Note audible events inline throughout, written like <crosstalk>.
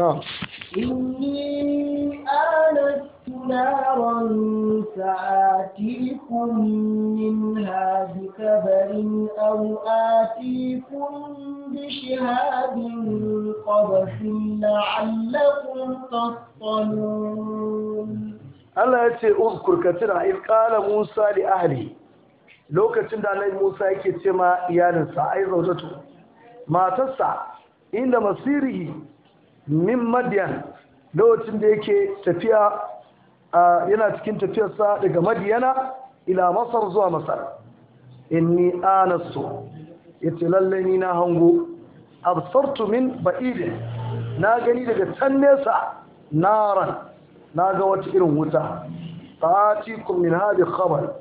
إني آنست نارا سآتيكم منها بكبر أو آتيكم بشهاب قبس لعلكم تصطلون Allah ya ce uzkur ka in ƙala Musa da ahli lokacin da Annabi Musa yake ce ma iyalinsa ai zaujatu matarsa inda masirihi min madiyan lokacin da yake tafiya yana cikin tafiyarsa daga madiyana ila masar zuwa masar inni anasu yace lalle ni na hango absartu min ba'id na gani daga can nesa naran na ga wata irin wuta ta'atikum min hadi khabar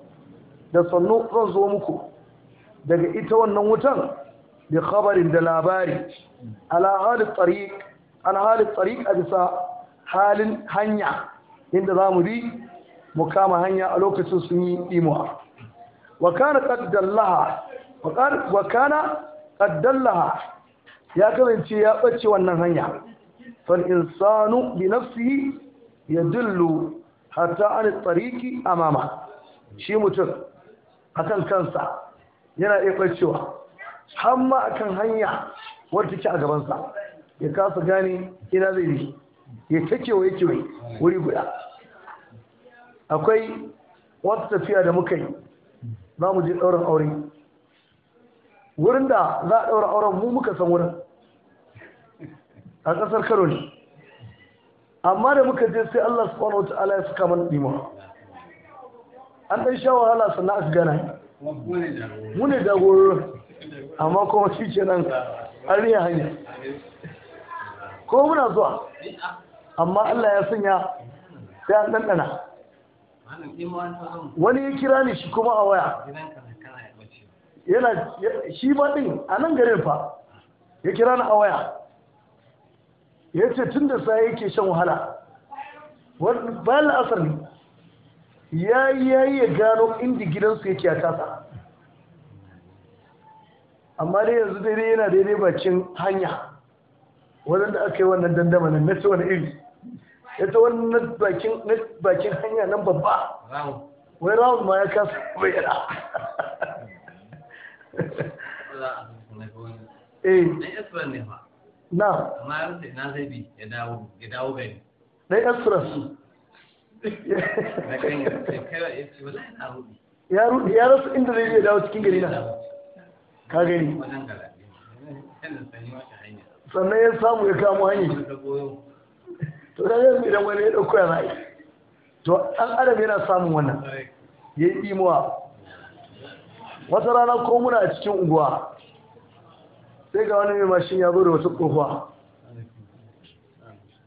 da sannu zan zo muku daga ita wannan wutan bi khabarin da labari ala hali tariq an halin tsari a bisa halin hanya inda za mu bi mu kama hanya a lokacin sun yi imuwa wa kana ya kasance ya ɓace wannan hanya fal insanu bi ya dillu, hatta an a amama shi mutum akan kansa yana iya bacewa hamma akan hanya wadda take a gabansa ya kasa gane ina zai bi ya ta kewaye kewaye wuri guda akwai wata tafiya da muka yi za mu je ɗaurin aure wurin da za a ɗaura auren mu muka san wurin a ƙasar karo ne amma da muka je sai Allah subhanahu wata'ala ya suka mana ɗima an ɗan sha wahala sannan aka gana mu ne jagororin amma kuma shi ke nan an riya hanya ko muna zuwa amma Allah ya sanya sai an ɗanɗana wani ya kira ni shi kuma a waya yana shi ma ɗin a nan garin fa ya kira ni a waya ya ce tun da sa yake shan wahala bayan la'asar ne ya yi ya yi ya gano inda gidansu yake a kasa amma dai yanzu daidai yana daidai bakin hanya Waɗanda aka yi wannan dandamalin na ci wani iri ya ta wannan bakin hanya nan babba wai round ma ya kasa yana eh na na sai bi ya dawo ya dawo gani su ya rudi ya rasu inda zai dawo cikin gari na ka gani sannan ya samu ya kamo hanyar to da yanzu idan wani ya dauko ya ra'ayi to an adam yana samun wannan ya yi imuwa wata rana ko muna a cikin unguwa sai ga wani mai mashin ya zo da wata kofa.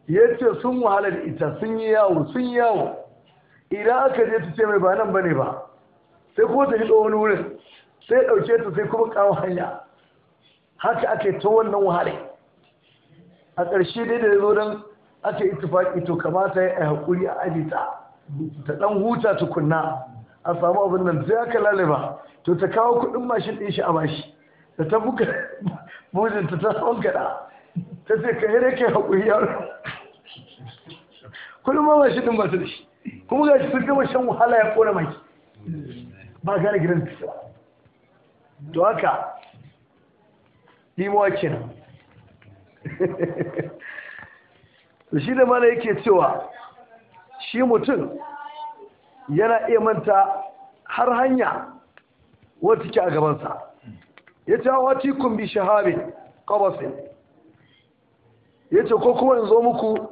ya ce sun wahala da ita sun yi yawo sun yi yawo idan aka je ta ce mai ba nan ba ne ba sai ko ta hito wani wurin sai ɗauke ta sai kuma kawo hanya haka ake ta wannan wahalai a ƙarshe dai da zo don aka tufaƙi to kamata ya yi haƙuri a ajita ta ɗan huta tukunna a samu abin nan sai aka lalaba to ta kawo kuɗin mashin ɗin shi a bashi da ta buga mijinta <laughs> ta gada ta ce ka hira kai haƙuri yaro Kuɗin ma mashin ɗin ba su da shi kuma ga shi sun gama shan wahala ya ƙona mai ba gane gidan ta to haka ɗimuwa kenan shi da mana yake cewa shi mutum yana iya manta har hanya wata ke a gabansa ya ce hawa tikun bi shahabin kawasin ya ce ko kuma in zo muku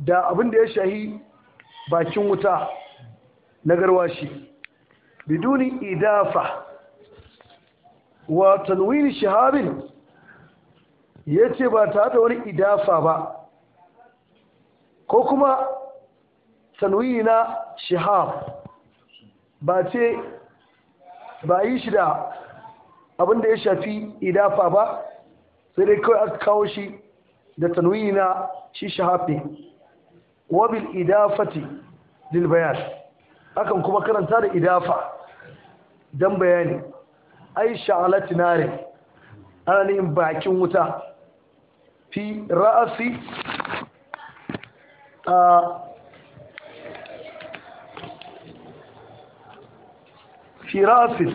da abin da ya shahi bakin wuta na garwashi biduni idafa wa tanwini shahabin ya ce ba ta da wani idafa ba ko kuma sanuyi na shihab ba ce ba yi shi da abinda ya shafi idafa ba sai dai kawai aka kawo shi da sanuyi na shi shahafi wabil idafati lil bayan akan kuma karanta da idafa don bayani ai sha'alati nare ana bakin wuta fi ra'asi a fi ra'asi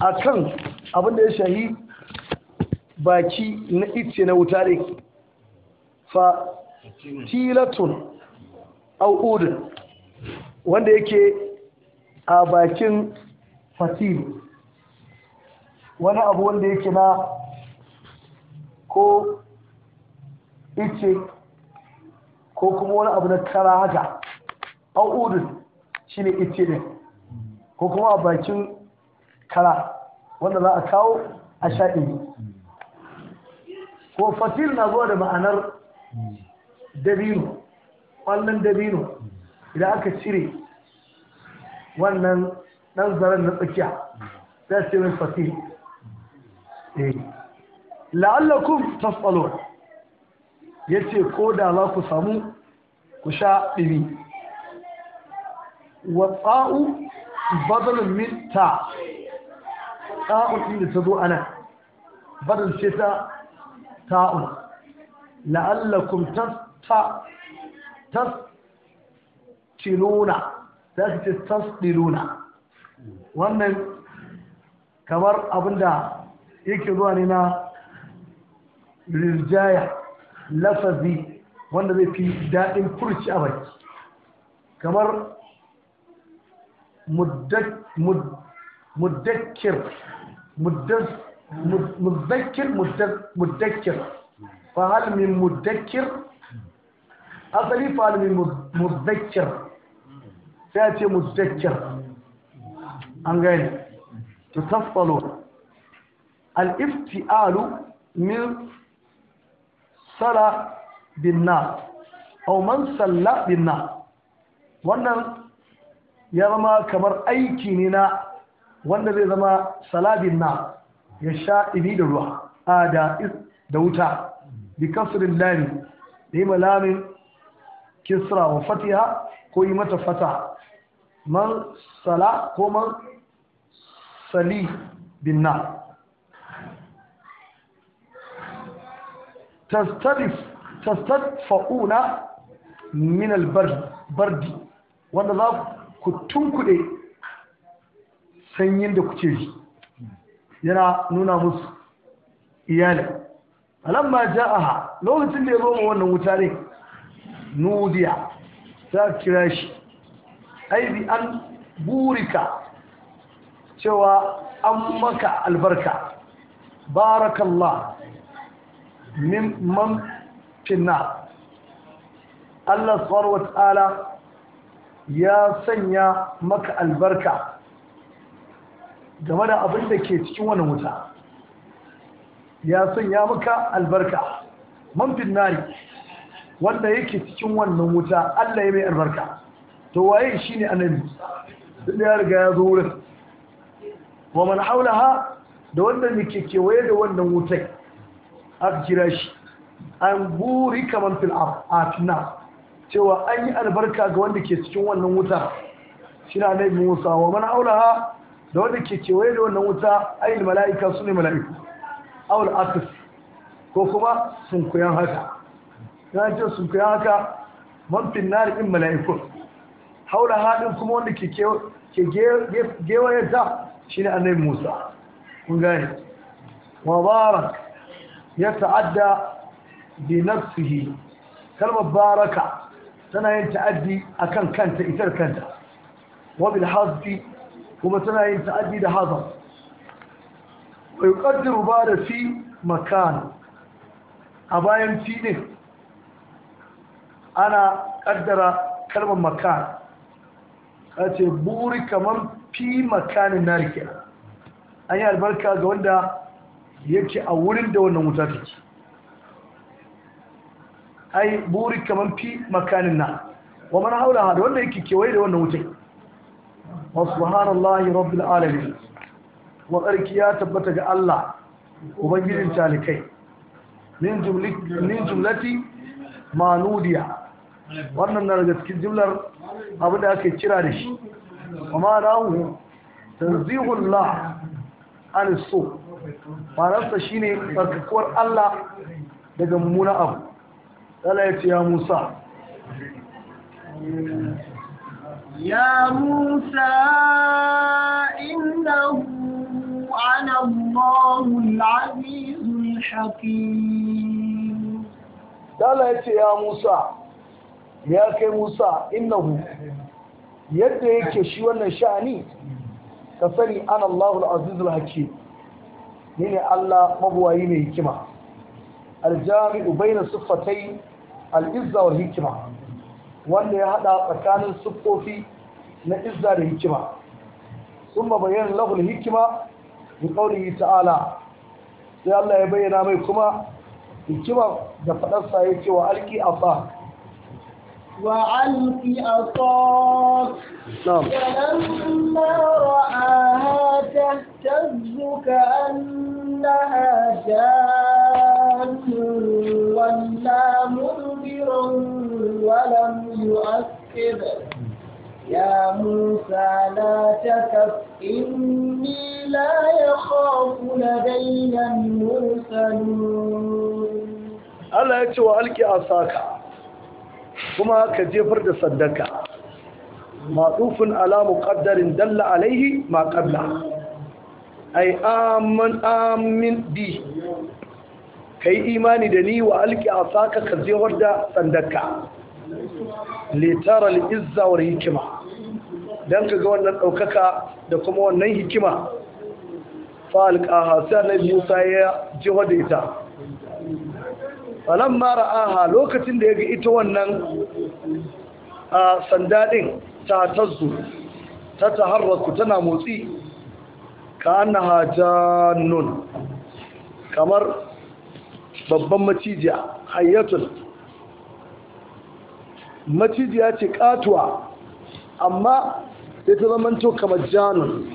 a ya shahi baki na itce na wuta ne fa tilatun au'udin wanda yake a bakin fatilu wani abu wanda yake na ko ice ko kuma wani abu na kara haka udun shi ne ice ne ko kuma a bakin kara wanda za a kawo a sha ko fasil na zuwa da ma'anar dabino ƙwallon dabino idan aka cire wannan ɗan zaren na tsakiya za su yi fatil la'allakum tasfalon ya ce ko da za ku samu ku sha ɗiri watsa'u tsa'u mita min ta da ta zo ana badal ce ta ta'un la'allakum ta tiluna za su ce tasdiluna wannan kamar abinda yake zuwa ne na rirjaya lafazi wanda zai fi daɗin furci a baki kamar muddakir muddakir muddakir fahal min muddakir asali fahal min muddakir sai ce muddakir an gani tusaffalo al-ifti'alu min sala binna na aw man salla wannan ya zama kamar aiki ne na wanda zai zama Sala binna ya sha ibi da ruwa a da da wuta bi kasrin lami da yi malamin kisra wa fatiha ko yi mata fata man sala ko man sali binna. tastadif tastadfa'una min bardi, wanda za ku tunkuɗe sanyin da kuke ji yana nuna musu iyali alamma ja'aha lokacin da ya zo wannan wuta ne nudiya ta kira shi aibi an burika cewa an maka albarka barakallah mimman finna Allah subhanahu wata'ala ya sanya maka albarka game da abin da ke cikin wannan wuta ya sanya maka albarka man finnari wanda yake cikin wannan wuta Allah ya mai albarka to waye shine annabi da ya riga ya zo wurin wa man haulaha da wanda ke kewaye da wannan wutai aka kira shi an buri kamar fil afina. cewa an yi albarka ga wanda ke cikin wannan wuta shi na ibi Musa wa aula ha da wanda ke kewaye da wannan wuta ayin mala'ika su ne mala'iku aula akas ko kuma kuyan haka na ce kuyan haka man fil nar in mala'ikun haula haɗin kuma wanda ke kewaye ta shi ne annabi Musa kun gane wa barak ya ta'adda bi nafsihi kalmar baraka tana yin ta'addi akan kanta da kanta wa bil kuma tana yin ta'addi da hazan wa yuqaddiru ba da fi makan a bayan fi ana ƙaddara kalmar makan a ce buri kamar fi makanin narkiya an yi albarka ga wanda yake a wurin da wannan wuta take ai buri kamar fi makanin na wa man haula hada wanda yake kewaye da wannan wutai wa subhanallahi rabbil alamin wa tsarki ya tabbata ga Allah ubangijin talikai min jumlati manudiya wannan na daga cikin jimlar abin da aka kira da shi amma rahu tanzihullah an so shi ne tsarkakuwar Allah daga mummuna abu Allah ya ce ya Musa ya Musa innahu ana Allahul azizul hakim Allah ya ce ya Musa ya kai Musa hu. yadda yake shi wannan sha'ani ka sani ana Allahul azizul hakim ne Allah mabuwayi mai hikima aljami'u bayna siffatai al-izza wal hikima wanda ya haɗa tsakanin siffofi na izza da hikima thumma bayyana lahu al-hikima bi qawlihi ta'ala sai Allah ya bayyana mai kuma hikima da ya ce wa alqi fa'a. وعنك أصاك نعم فلما رآها تهتز كأنها جان ولا مدبرا ولم يؤكد يا موسى لا تكف إني لا يخاف لدي المرسلون الله يتوى ألقي عصاك kuma ka jefar da sadaka Matsufin ala muqaddarin dalla alaihi ma qabla ai amin amin bi ka imani da ni wa alki asaka ka jefar da sadaka litara izawar izza don ka dan kaga wannan ɗaukaka, da kuma wannan hikima fa alqaha sai annabi Musa ya jefar da ita falan mara aha lokacin da ya ga ita wannan a sanda ɗin ta tazzu ta taharraku tana motsi ka annaha nun. kamar babban macijiya hayyatun macijiya ce katuwa amma sai ta zamanto kamar janun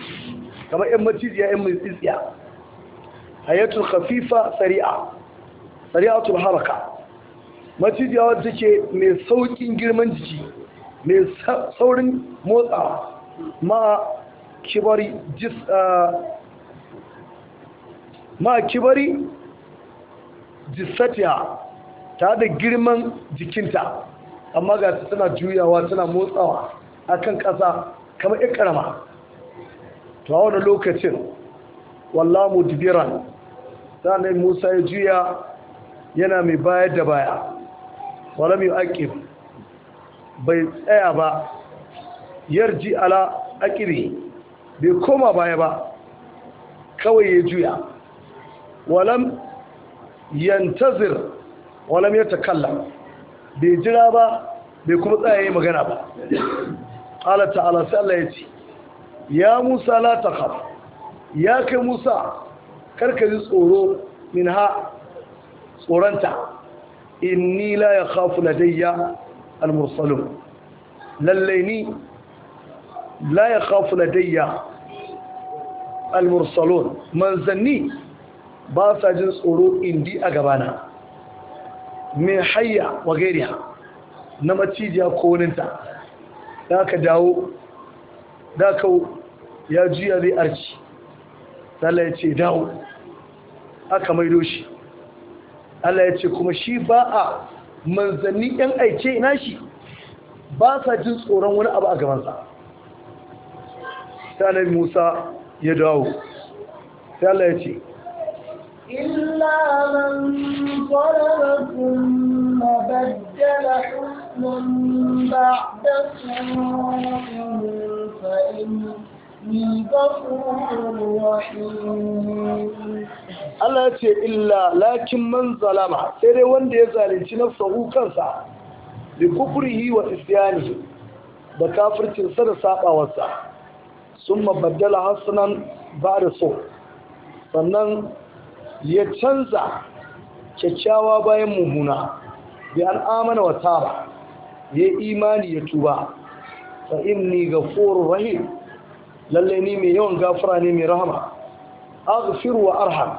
kamar 'yan macijiya 'yan mai tsitsiya hayyatun kafifa tsari'a sari'atul haraka macijiya wadda take mai saukin girman jiki mai saurin motsa ma kibari jis ma kibari jisatiya ta da girman jikinta amma ga ta tana juyawa tana motsawa akan ƙasa kamar ikarama to a wani lokacin wallah mudbiran sanai musa ya juya yana mai bayar da baya wala mai yu'aqib bai tsaya ba yarji ala aqiri bai koma baya ba kawai ya juya walam yantazir walam yatakalla bai jira ba bai kuma tsaya yi magana ba ala ta'ala sai Allah ya ce ya Musa la takhaf ya kai Musa karka ji tsoro ha. tsoronta inni la ya khafu ladayya al-mursalun lallai ni la ya khafu ladayya al-mursalun manzanni ba sa jin tsoro indi a gabana min hayya wa gairiya na macijiya ko ninta da aka dawo da ya juya zai arci sallai ya ce dawo aka maido shi Allah ya ce kuma shi ba a manzanni yan aice ina shi ba sa jin tsoron wani abu a gabansa sai annabi Musa ya dawo sai Allah ya ce illa man qalaba kuma baddala husnan ba da inna Allah ce illa lakin man zalama sai dai wanda ya zalunci nafsahu kansa bi kufrihi wa isyani da kafircin sa da sabawarsa summa baddala hasanan ba'da so sannan ya canza kyakkyawa bayan mummuna bi an amana wa taba ya imani ya tuba fa inni ghafurur rahim lallai ni mai yawan gafura ne mai rahama aghfir wa arham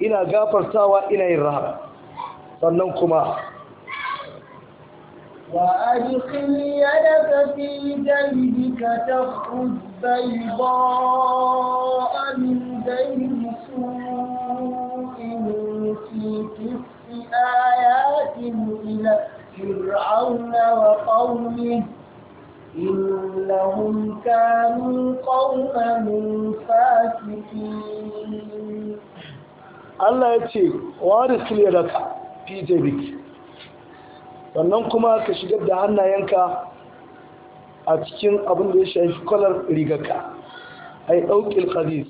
ina gafartawa ina yin raha sannan kuma wa adkhil yadaka fi jaybika takhudh bayda min bayn su'in fi tisfi ayatin ila fir'auna wa qawmihi إنهم كانوا قوما فاسقين Allah ya ce wa risile raka fi jabik sannan kuma ka shigar da hannayenka a cikin abin da ya shafi kwalar rigarka ai ɗaukil khalis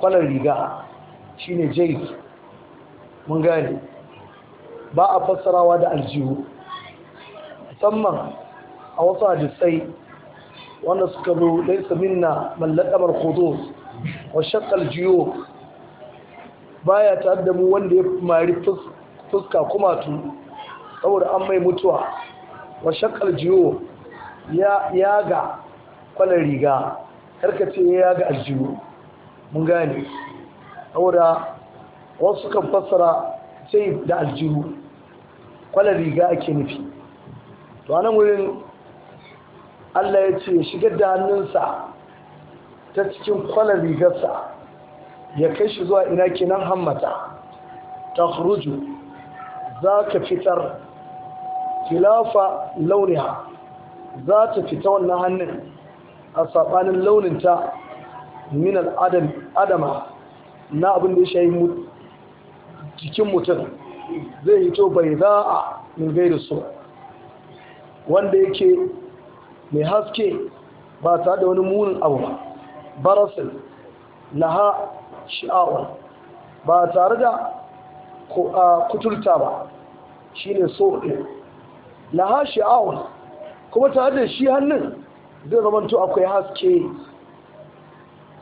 kwalar riga shine jai mun gane ba a fassarawa da aljihu musamman a wasu hadisai wanda suka zo dai minna mallakamar khudus wa shakkal jiyo baya ta da wanda ya mari fuska kuma tu, saboda an mai mutuwa wa shakkal jiyo ya ga kwalar riga karkace ya ga aljiyo mun gane saboda wasu kan fassara sai da aljihu kwalar riga ake nufi to anan wurin Allah ya ce shiga da hannunsa ta cikin kwalar rigarsa ya kai shi zuwa ina kinan hammata ta huruju za ka fitar filafa launiha za ta fita wannan hannun a saɓanin launinta min adama na abin da ya shayi jikin mutum zai hito bai za a ingai da su wanda yake mai haske ba tare da wani munin abu ba barasil laha sha'awar ba tare da kuturta ba shi ne so laha sha'awar kuma tare da shi hannun zai zamanto akwai haske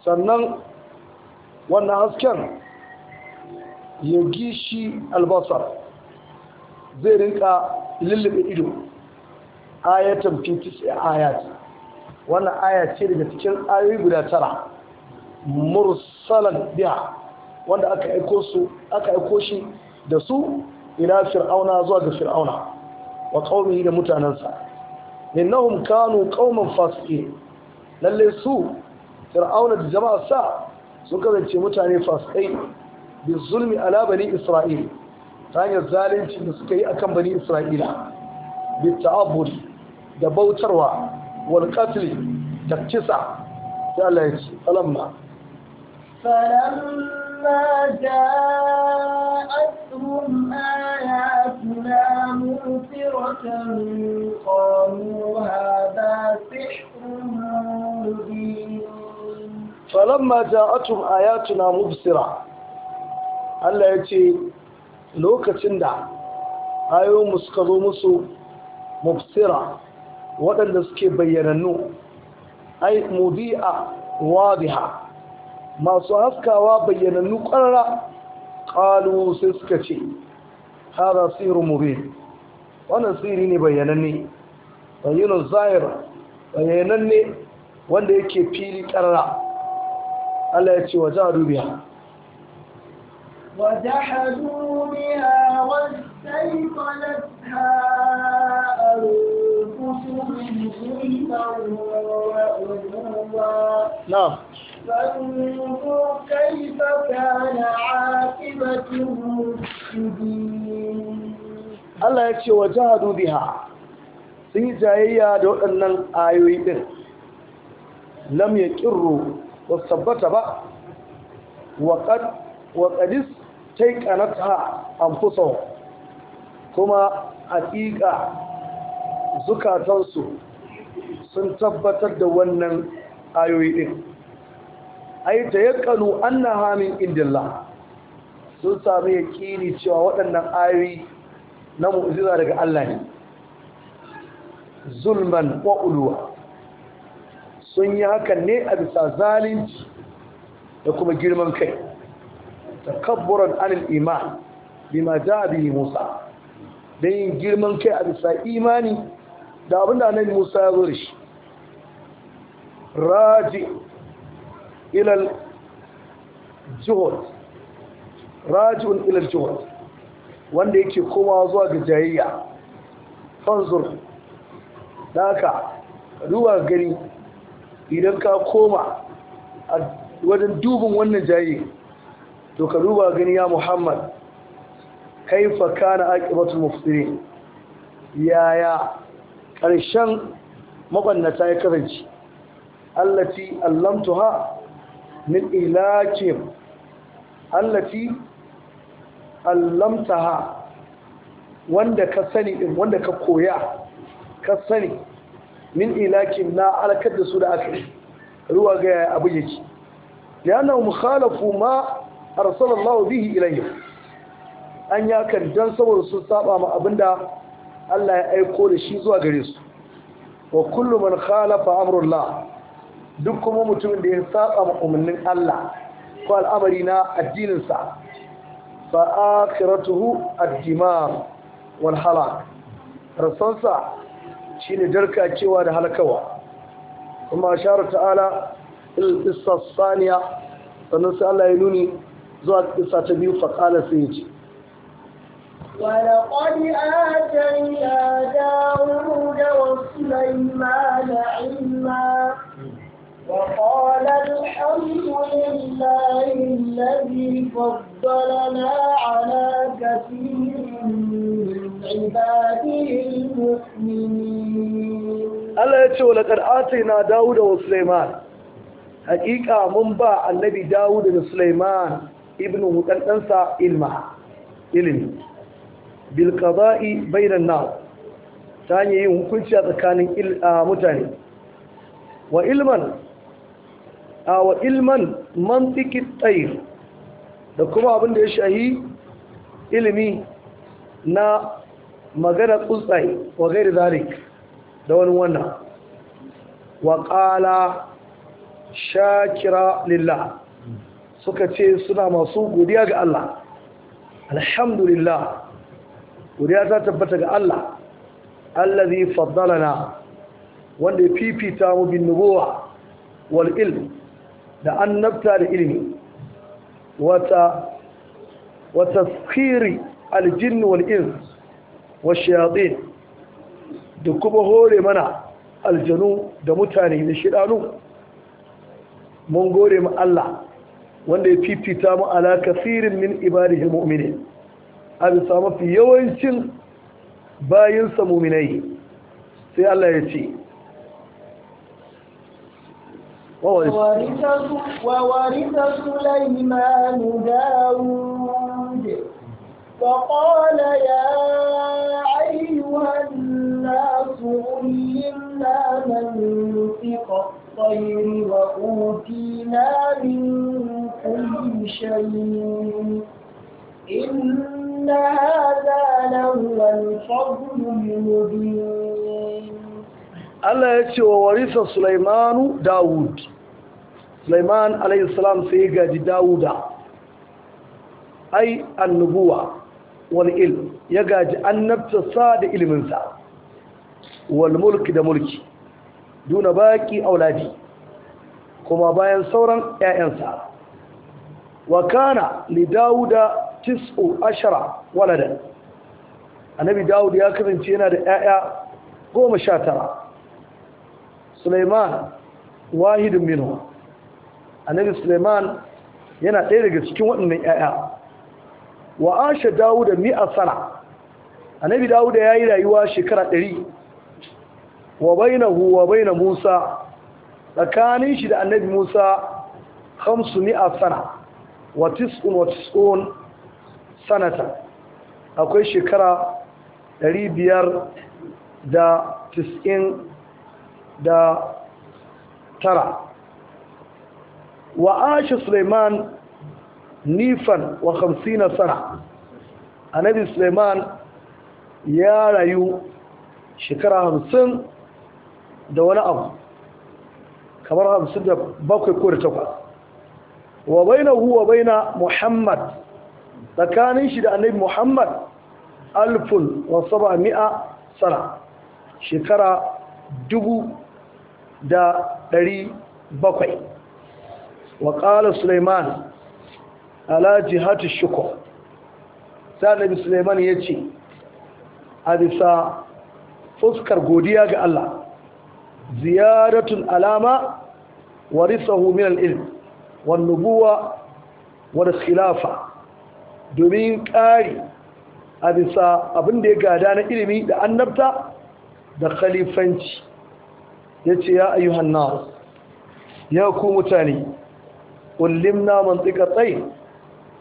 sannan wannan hasken ya gishi albasar zai rinka lullube ido ayatan fi tis'i ayat wannan aya ce daga cikin ayoyi guda tara mursalan biha wanda aka aiko su aka aiko shi da su ila fir'auna zuwa ga fir'auna wa qaumihi da mutanansa innahum kanu qauman fasiqin lalle su fir'auna da jama'a sa sun kasance mutane fasikai bi zulmi ala bani isra'il ta hanyar zalunci da suka yi akan bani isra'ila bi ta'abbudi da bautarwa wal qatl da kisa sai Allah ya ce falamma falamma ja'atuhum ayatuna mubsiratan qalu hadha sihrun mubin falamma ja'atuhum ayatuna mubsira Allah ya ce lokacin da ayoyinmu suka zo musu mubsira waɗanda suke bayyanannu ai mudi'a wadiha masu haskawa bayyanannu ƙarara ƙalu sai suka ce hada sihiru mubin wannan sihiri ne bayyananne bayyanan zahir bayyananne wanda yake fili ƙarara Allah ya ce wa jahadu biya وجحدوا بها واستيقنتها أنفسهم allah ya ce نعم فانظر كيف كان sun yi jayayya da waɗannan ayoyi ɗin lam ya ƙirro, ba tabbata ba ƙadis ta yi ƙanata amfusan kuma ƙiƙa zukatansu sun tabbatar da wannan ayoyi din ai ta yakanu annaha min indillah sun sami yakini cewa waɗannan ayoyi na mu'jiza daga Allah ne zulman wa ulwa sun yi haka ne a bisa zalunci da kuma girman kai takabburan anil iman bima ja bihi Musa da yin girman kai a bisa imani da abin da annabi Musa ya zuri shi raji ilal raji raji'un ilal juhud wanda yake komawa zuwa ga jayayya fanzur aka ruwa gani idan ka koma a wajen dubin wannan jayi to ka duba gani ya muhammad kaifa kana aqibatul mufsirin yaya ƙarshen maɓannata ya karanci allati allamtuha min ilakim allati allamtaha wanda ka sani din wanda ka koya ka sani min ilakin na alakar da su da aka yi ruwa ga yaya abu yake yana mukhalafu ma arsalallahu bihi ilayhi an yakan dan saboda sun saba ma abinda Allah ya aiko da shi zuwa gare su wa kullu man khalafa amrullah duk kuma mutumin da ya saba ma umarnin Allah ko al'amari na addinin sa fa akhiratuhu ad-dimam wal halak rasansa shine darka cewa da halakawa kuma shara ta'ala il qissa saniya sannan sai Allah ya nuni zuwa qissa ta biyu fa qala sai ولقد آتينا داود وسليمان علما وقال الحمد لله الذي فضلنا على كثير من عباده المؤمنين الله يتشو لقد آتينا داود وسليمان حقيقة من باع النبي داود وسليمان ابنه تنسى علما ilimi bil qada'i bainan nas ta hanyar yin hukunci a tsakanin mutane wa ilman a wa ilman mantiki tsayir da kuma abin da ya shahi ilimi na magana tsuntsaye wa gairi zalik da wani wannan wa ƙala shakira lillah suka ce suna masu godiya ga Allah alhamdulillah godiya ta tabbata ga Allah allazi faddalana wanda ya fifita mu bin nubuwa wal ilm da annabta da ilimi wata wata tsiri aljin wal ins wa da kuma hore mana aljanu da mutane da shidanu mun gore mu Allah wanda ya fifita mu ala kasirin min ibadihi mu'minin a bisa mafi yawancin bayinsa muminai sai Allah ya يتي وورث سليمان داود فقال يا أيها الناس من منطق الطير وأوتينا من كل شيء إن هذا لهو الفضل المبين الله يتي وورث سليمان داود سليمان عليه السلام سيجد داود أي النبوة والعلم يجد النبت الصاد إلم انسا والملك دا ملكي دون باكي أولادي كما باين sauran يا انسا وكان لداود tis'u ashara waladan annabi dawud ya kasance yana da 'ya'ya goma sha tara suleiman wahidun minhu annabi suleiman yana ɗaya daga cikin waɗannan 'ya'ya wa asha dawuda mi'a sana annabi dawuda ya yi rayuwa shekara ɗari wa bainahu wa baina musa tsakanin shi da annabi musa 500 mi'a sana wa tis'un wa tis'un sanata akwai shekara 599 wa ashi suleiman nifan wa na sana annabi suleiman ya rayu shekara hamsin da wani abu kamar hamsin da bakwai ko da takwas. wa huwa wa baina muhammad tsakanin shi da annabi muhammad alfun wasaba mi'a sana shekara dubu da ɗari bakwai wa ƙala suleiman ala jihati shukur sai annabi suleiman ya ce a bisa fuskar godiya ga allah ziyaratun alama warisahu min al-ilm wan nubuwa wal khilafa domin ƙari a bisa abin da ya gada na ilimi da annabta da khalifanci ya ce ya ayyuhan nas ya ku mutane naman tsika tsaye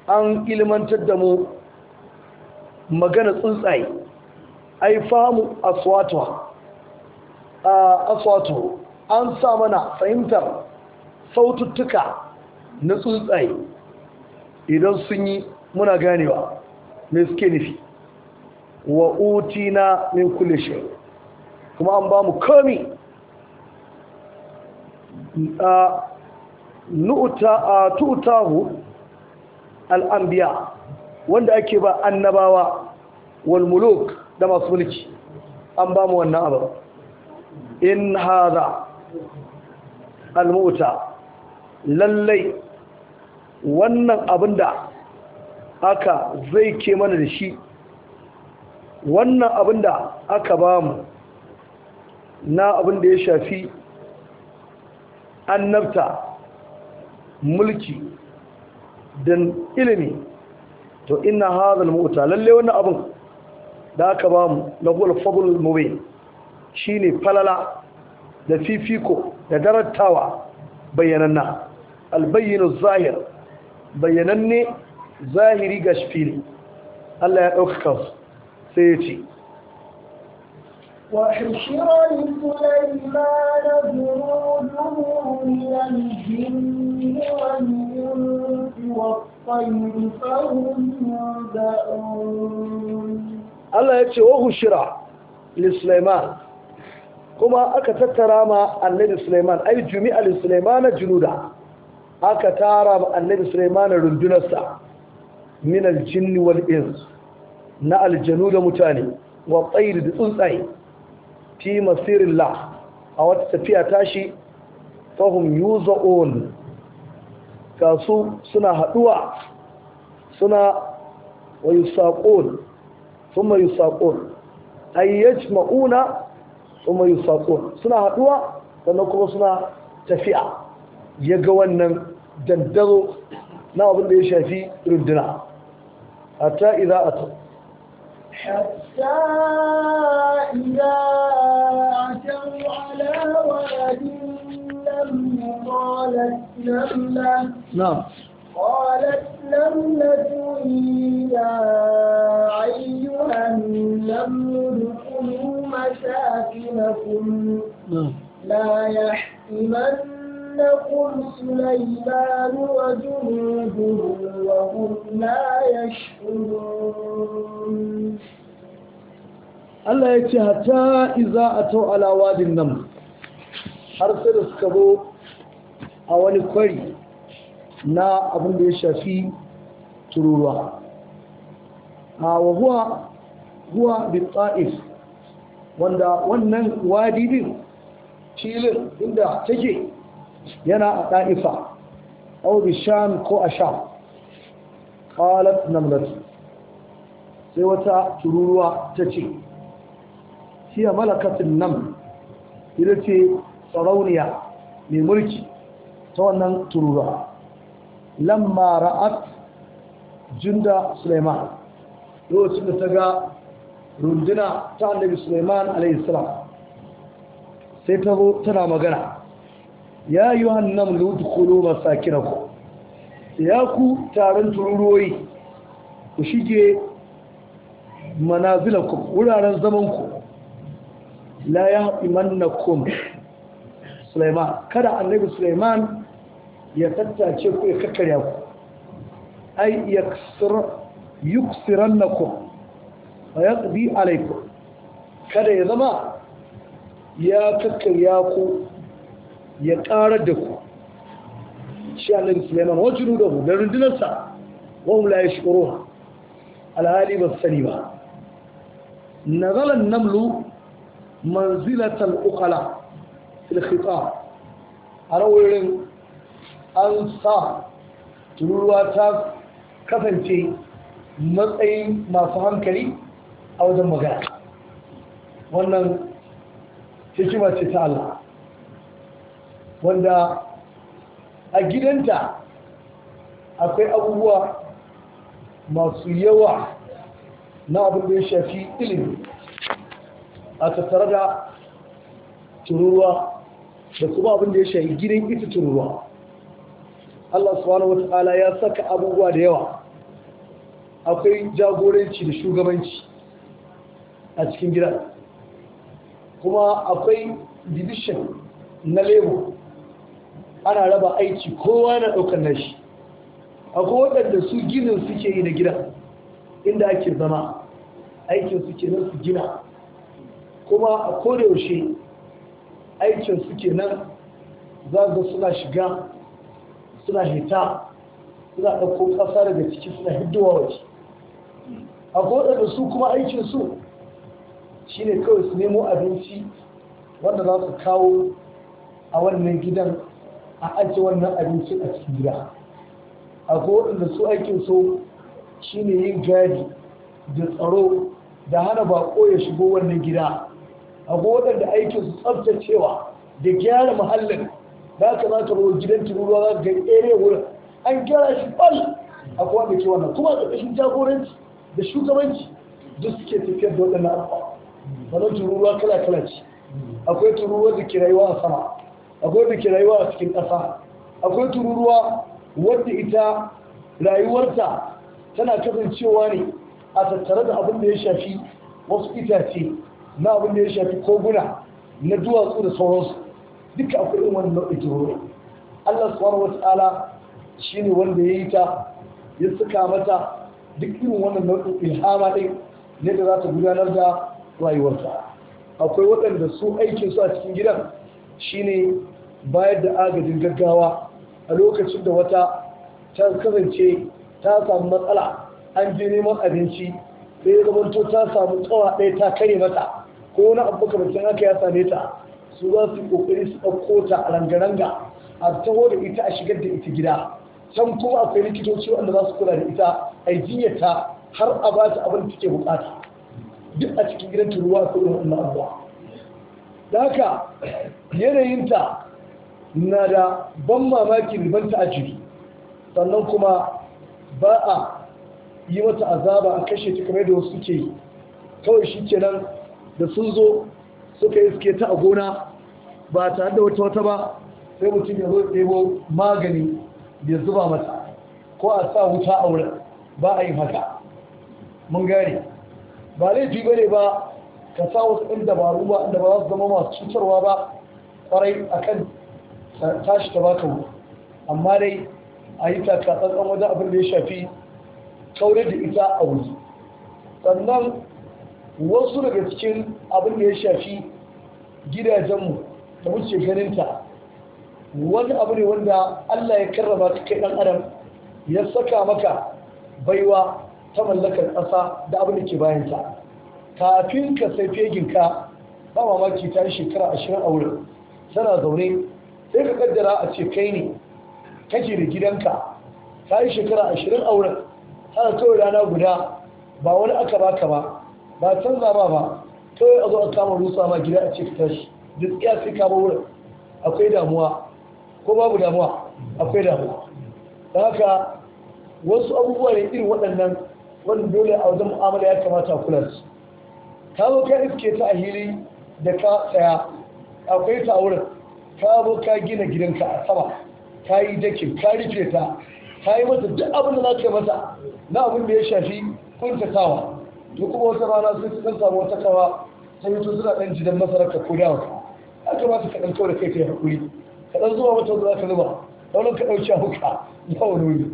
an ilimantar da mu magana tsuntsaye ai famu aswatuwa an sa mana fahimtar saututtuka na tsuntsaye idan sun yi muna ganewa mai suke nufi wa na min kulle shi. kuma an ba mu komi a nu'ta a tutahu al wanda ake ba annabawa wal da masu mulki an ba mu wannan abu in haza. al lallai wannan abin da. haka zai ke mana da shi wannan abin da aka ba mu na abin da ya shafi annabta mulki don ilimi to ina hazal mota lalle wani abin da aka ba mu na gulfabul mube shi ne falala da fifiko da darattawa bayyananna albayyinu zahir bayyananne zahiri ga shifili Allah ya ɗauka sai ya ce وحشر Allah ya ce wa hushira lislaiman Sulaiman kuma aka tattara ma annabi Sulaiman ai jumi'a li Sulaiman junuda aka tara ma annabi Sulaiman rundunarsa min aljinni wal na aljanu da mutane wa tsairi da tsuntsaye fi masirin la a wata tafiya tashi fahim yuza'un kasu suna haɗuwa, suna wa yusaqun thumma yusaqun ay yajma'una thumma suna haduwa sannan kuma suna tafiya yaga wannan dandaro na abin ya shafi runduna حتى إذا أتوا حتى إذا أتوا على واد لم قالت نملة نعم قالت نملة يا أيها النمل ادخلوا مساكنكم نعم. لا يحتمن يفتنكم سليمان وجنوده وهم لا يشعرون Allah ya ce hata iza a tau alawadin nan har sai da suka zo a wani kwari na abin da ya shafi tururuwa a wahuwa huwa bin wanda wannan wadi din filin inda take yana a ɗa'ifa au ko a sha qalat namlatu sai wata tururuwa ta ce siya malakatin nam ila ce sarauniya mai mulki ta wannan tururuwa lammara'at junda suleiman lokacin da ta ga runduna ta annabi suleiman a.s. sai ta zo tana magana ya yi hannun lutukulu ku ya ku taron tururoyi ku shige manazilanku wuraren zamanku la ya haɗi na suleiman kada annabi suleiman ya tattace ku ya kakkarya ku ai yuksirannakum wa ya tsabi alaikum kada ya zama ya kakkarya ku ya ƙarar da ku shi annabi Sulaiman wajinu da hu da rundunarsa wahum la yashkuruha alhali ba sani ba nazalan namlu manzilatal uqala fil khitab a rawayin an sa tururuwa ta kasance matsayin masu hankali a wajen magana wannan hikima ce ta Allah wanda a gidanta akwai abubuwa masu yawa na abin da ya shafi ilimi a tattare da tururuwa da kuma abin da ya shafi gidan ita tururuwa Allah subhanahu wata'ala ya saka abubuwa da yawa akwai jagoranci da shugabanci a cikin gidan kuma akwai division na labor ana raba aiki kowa na ɗaukar nashi akwai waɗanda su ginin suke yi na gida inda ake zama aikin su kenan su gina kuma a kodayaushe aikin su kenan za ga suna shiga suna hita suna ɗauko ƙasa daga ciki suna hiddowa waje akwai waɗanda su kuma aikin su shine kawai su nemo abinci wanda za su kawo a wannan gidan a ajiye wannan abincin a cikin gida akwai waɗanda su aikin so shine yin gadi da tsaro da hana bako ya shigo wannan gida akwai waɗanda aikin su tsaftacewa da gyara muhallin da ka za ka bar gidan tururuwa za ka ga ere wurin an gyara shi bal akwai wanda ke wannan kuma a ƙarƙashin jagoranci da shugabanci duk suke tafiyar da waɗannan abubuwa wannan tururuwa kala kala ce akwai tururuwa da ke rayuwa a sama akwai da ke rayuwa a cikin ƙasa akwai tururuwa wadda ita rayuwarta tana kasancewa ne a tattare da abin da ya shafi wasu itace na abin da ya shafi koguna na duwatsu da sauransu duka akwai irin wani nau'in tururuwa Allah subhanahu wata'ala shine wanda ya yi ta ya saka mata duk irin wannan nau'in ilhama ɗin ne da za ta gudanar da rayuwarta akwai waɗanda su aikin su a cikin gidan shine bayar da agajin gaggawa a lokacin da wata ta kasance ta samu matsala an je neman abinci sai zamanto ta samu tsawa ɗaya ta kare mata ko wani abu makamancin haka ya same ta su za su kokari su ɗauko ta a rangaranga a taho da ita a shigar da ita gida can kuma akwai likitoci wanda za su kula da ita a ta har a ba ta abin da take bukata duk a cikin gidan turuwa akwai Allah abuwa da haka yanayinta na da ban mamaki ribanta a jiri sannan kuma ba a yi mata azaba a kashe ta kamar da wasu suke yi kawai shi kenan da sun zo suka yi suke ta a gona ba tare da wata wata ba sai mutum ya zo ɗebo magani ya zuba mata ko a sa wuta a wurin ba a yin haka mun gane ba laifi ba ne ba ka sa wasu ɗan dabaru ba da ba za su zama masu cutarwa ba kwarai a kan tashi ta baka wuri amma dai a yi tsantsan wajen abin da ya shafi kaure da ita a wuri sannan wasu daga cikin abin da ya shafi gidajenmu da muke ganinta wani abu ne wanda Allah ya karrama ka kai ɗan adam ya saka maka baiwa ta mallakar ƙasa da abin da ke bayanta kafin ka sai feginka ba mamaki ta shekara ashirin a wurin tana zaune sai ka kaddara a ce kai ne kake da gidanka ta yi shekara ashirin a wurin tana kawai rana guda ba wani aka ba ka ba ba canza ba ba kawai a zo a kama rusa ma gida a ce ka tashi duk iya sai kama wurin akwai damuwa ko babu damuwa akwai damuwa da haka wasu abubuwa ne irin waɗannan wani dole a wajen mu'amala ya kamata a kula su ka zo ka iske ta a hili da ka tsaya akwai ta wurin ka zo ka gina gidanka a sama ka yi dakin ka rufe ta ka yi mata duk abin da za ka mata na abin da ya shafi kawa. to kuma wata rana sun san samu wata kawa ta yi suna ɗan jidan masarar ka ko dawa ya kamata ka ɗan da kai ka yi haƙuri ka ɗan zuwa wata wanda za ka zuba wani ka ɗauki a huka na wani wuri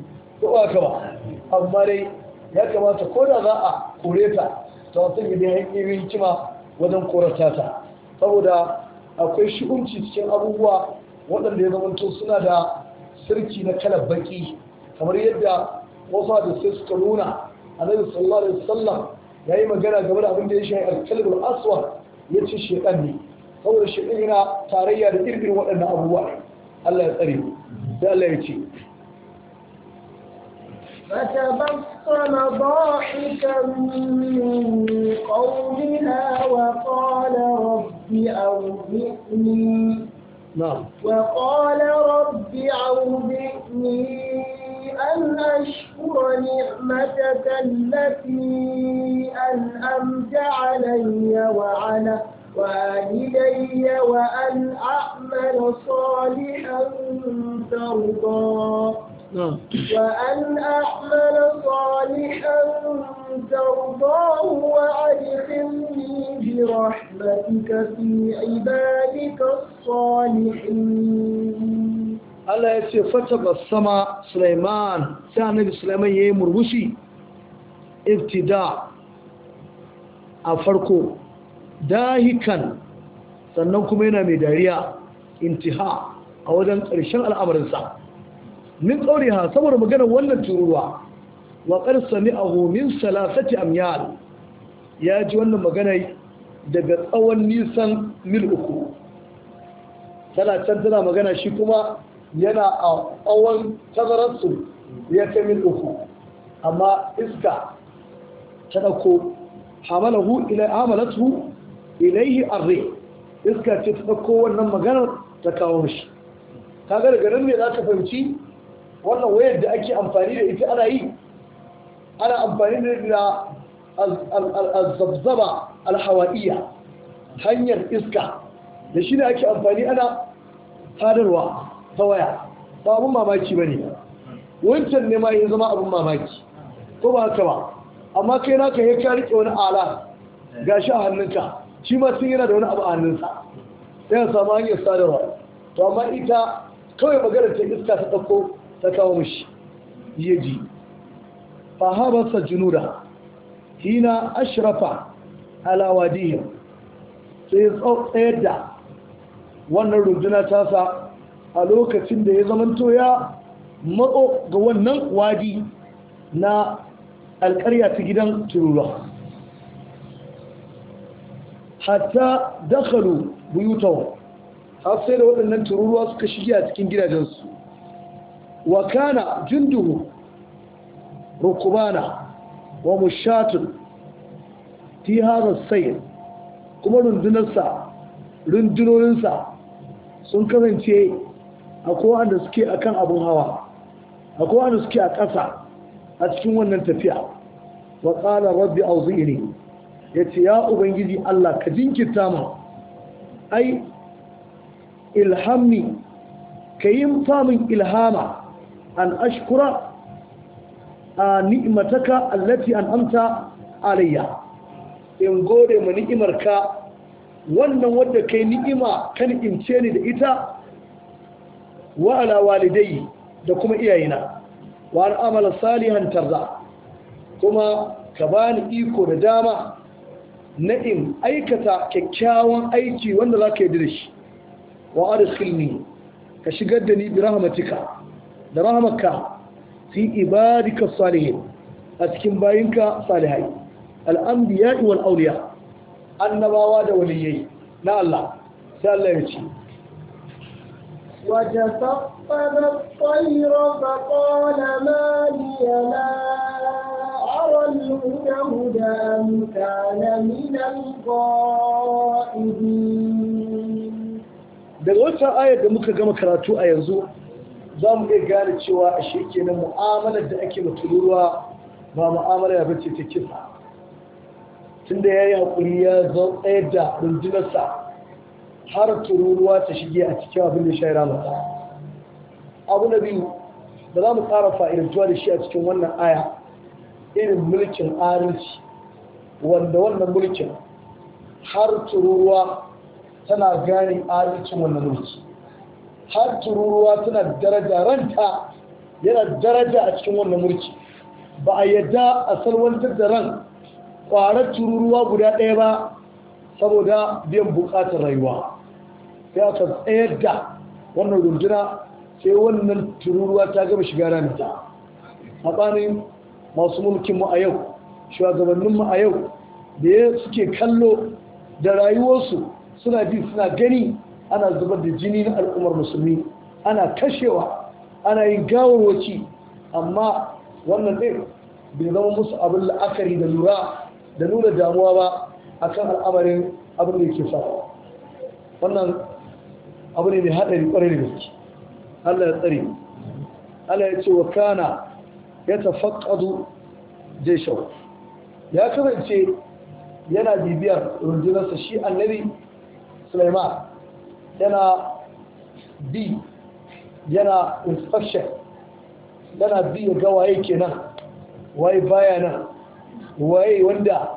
ko ba ka ba amma dai ya kamata ko da za a kore ta to annabi da ya yi hikima wajen korata ta saboda akwai shigunci cikin abubuwa waɗanda ya zamanto suna da sirki na kalar baki kamar yadda wasu da sai suka nuna annabi sallallahu alaihi wasallam ya yi magana game da abin da ya shafi alkalbul aswar ya ce shedan ne saboda shedan yana tarayya da irin waɗannan abubuwa Allah ya tsare da Allah ya ce فأحسن ضاحكا من قولها وقال رب أوزعني نعم وقال رب أوزعني أن أشكر نعمتك التي أنعمت علي وعلى والدي وأن أعمل صالحا ترضى وأن أعمل صالحا ترضاه وأدخلني برحمتك في عبادك الصالحين Allah ya ce fata basama Sulaiman sai annabi Sulaiman yayi murmushi iftida a farko dahikan sannan kuma yana mai dariya intiha a wajen ƙarshen al'amarinsa min qawliha saboda magana wannan tururuwa wa qad sami'ahu min salasati amyal ya ji wannan magana daga tsawon nisan mil uku tana can tana magana shi kuma yana a tsawon tazararsu ya kai mil uku amma iska ta ɗauko hamalatu ilaihi arre iska ce ta ɗauko wannan maganar ta kawo shi kaga daga nan za ka fahimci wannan wayar da ake amfani da ita ana yi ana amfani da zabzaba al-hawaiya hanyar iska da shi ne ake amfani ana sadarwa ta waya ba abin mamaki ba ne wancan ne ma ya zama abin mamaki ko ba haka ba amma kai na ka yaka rike wani ala ga shi a hannunka shi ma sun yana da wani abu a hannunsa sai samu hanyar sadarwa to amma ita kawai magana ta iska ta ɗauko ta kawo mishi ya ji fahabarsa junuda hina ashrafa alawadihim sai tsayar da wannan runduna sa a lokacin da ya zamanto ya matso ga wannan wadi na alkarya ta gidan tururuwa. hatta dakalu buyutawa har sai da waɗannan tururuwa suka shige a cikin gidajensu wa kana junduhu rukubana wa mushatun fi hada sayr kuma rundunarsa rundunoninsa sun kasance akwai wanda suke akan abun hawa akwai wanda suke a ƙasa a cikin wannan tafiya wa qala rabbi awzi'ni yace ya ubangiji Allah ka jinkirta mu ai ilhamni ka yi famin ilhama an ashkura a ni'imataka allati an amta alayya in gode ma ni'imarka wannan wadda kai ni'ima kan imce ni da ita wa ala walidai da kuma iyayena wa an amala salihan tarza kuma ka bani iko da dama na in aikata kyakkyawan aiki wanda za ka yi da shi wa adkhilni ka shigar da ni bi da rahamarka fi ibadika salihin a cikin bayinka salihai al'ambiya wal auliya annabawa da waliyai na Allah sai Allah ya ce وتفقد الطير daga wata ayar da muka gama karatu a yanzu za mu iya gane cewa a shi kenan mu'amalar da ake mutururwa ba mu'amala ya ce ta kisa tunda ya yi haƙuri ya zo tsayar da rundunarsa har tururuwa ta shige a cikin abin da shayar mata abu na biyu da za mu ƙara zuwa da shi a cikin wannan aya irin mulkin arinci wanda wannan mulkin har tururuwa tana gane arincin wannan mulki har tururuwa suna daraja ranta yana daraja a cikin wannan mulki ba a yadda a salwantar da ran kwarar tururuwa guda ɗaya ba saboda biyan buƙatar rayuwa sai aka tsayar da wannan runduna sai wannan tururuwa ta gaba shiga ranta a tsanin masu mulkinmu a yau shugabanninmu a yau da ya suke kallo da rayuwarsu suna bi suna gani ana zubar da jini na al'ummar musulmi ana kashewa ana yin gawarwaci amma wannan ɗin bai zama musu abin la'akari da lura da nuna damuwa ba akan al'amarin abin da yake faruwa wannan abu ne mai haɗari ƙwarai da gaske Allah ya tsare Allah ya ce wa kana ya tafaqqadu shau? ya kasance yana bibiyar rundunarsa shi annabi Sulaiman yana bi yana inspection yana bi ga waye kenan waye baya nan waye wanda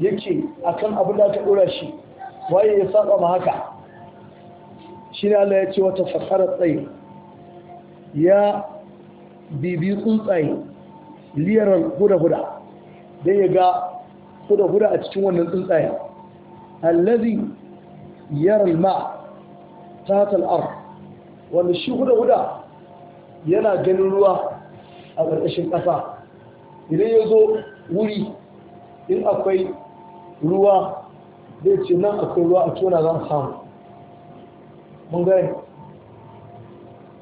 yake akan abin da aka dora shi waye ya saba ma haka shi ne Allah ya ce wata fasara tsaye ya bibi tsuntsaye liyarar huda-huda don ya ga huda guda a cikin wannan tsuntsaye allazi yaran ma tatal ar wanda shi huda huda yana ganin ruwa a ƙarƙashin ƙasa idan ya zo wuri in akwai ruwa zai ce nan akwai ruwa a tona zan samu mun gani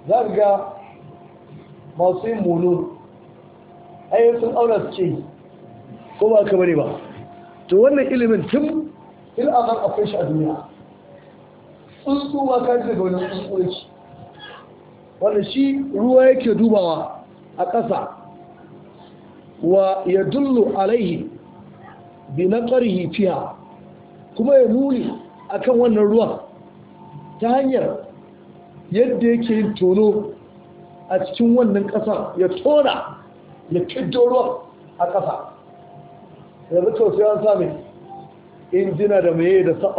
za ga masu yin mono ayyar sun auna su ce ko ba ka bane ba to wannan ilimin tun ilazan akwai shi a duniya tsuntsu ba ka ji wani wanda shi ruwa yake dubawa a ƙasa wa ya dullu alaihi bi na ƙarhi fiya, kuma ya nuni akan wannan ruwan ta hanyar yadda yake yin tono a cikin wannan ƙasar ya tona ya fiddo ruwan a ƙasa yanzu kawai sai an sami injina da maye da sa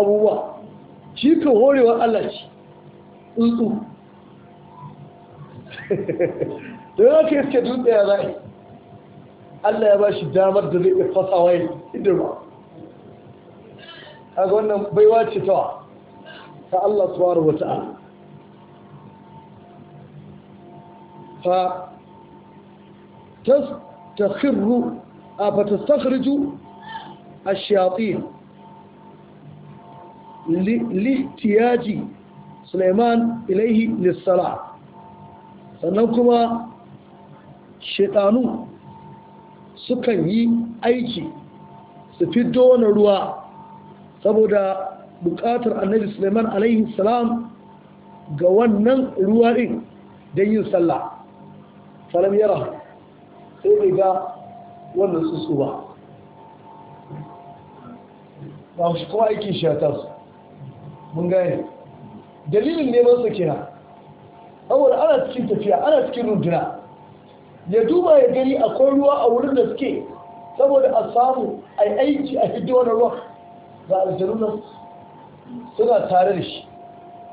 shi ka horewa Allah ce tsuntsu don ka iske dutse ya za'i Allah ya ba shi damar da zai iya fasawa ya inda a ga wannan baiwa ce ta ta Allah subhanahu ta ta khirru a fata tastakhriju a shayatin lihtiyaji Suleiman ilaihi lissala sannan kuma shaitanu sukan yi aiki su fiddo wani ruwa saboda bukatar annabi Suleiman alaihi salam ga wannan ruwa ɗin don yin sallah falam yara sai bai ga wannan su ba ba kuma aikin shatarsu mun gane dalilin neman sa kenan saboda ana cikin tafiya ana cikin runduna ya duba ya gani akwai ruwa a wurin da suke saboda a samu a aiki a hidda wani ruwa a aljanun nan suna tare da shi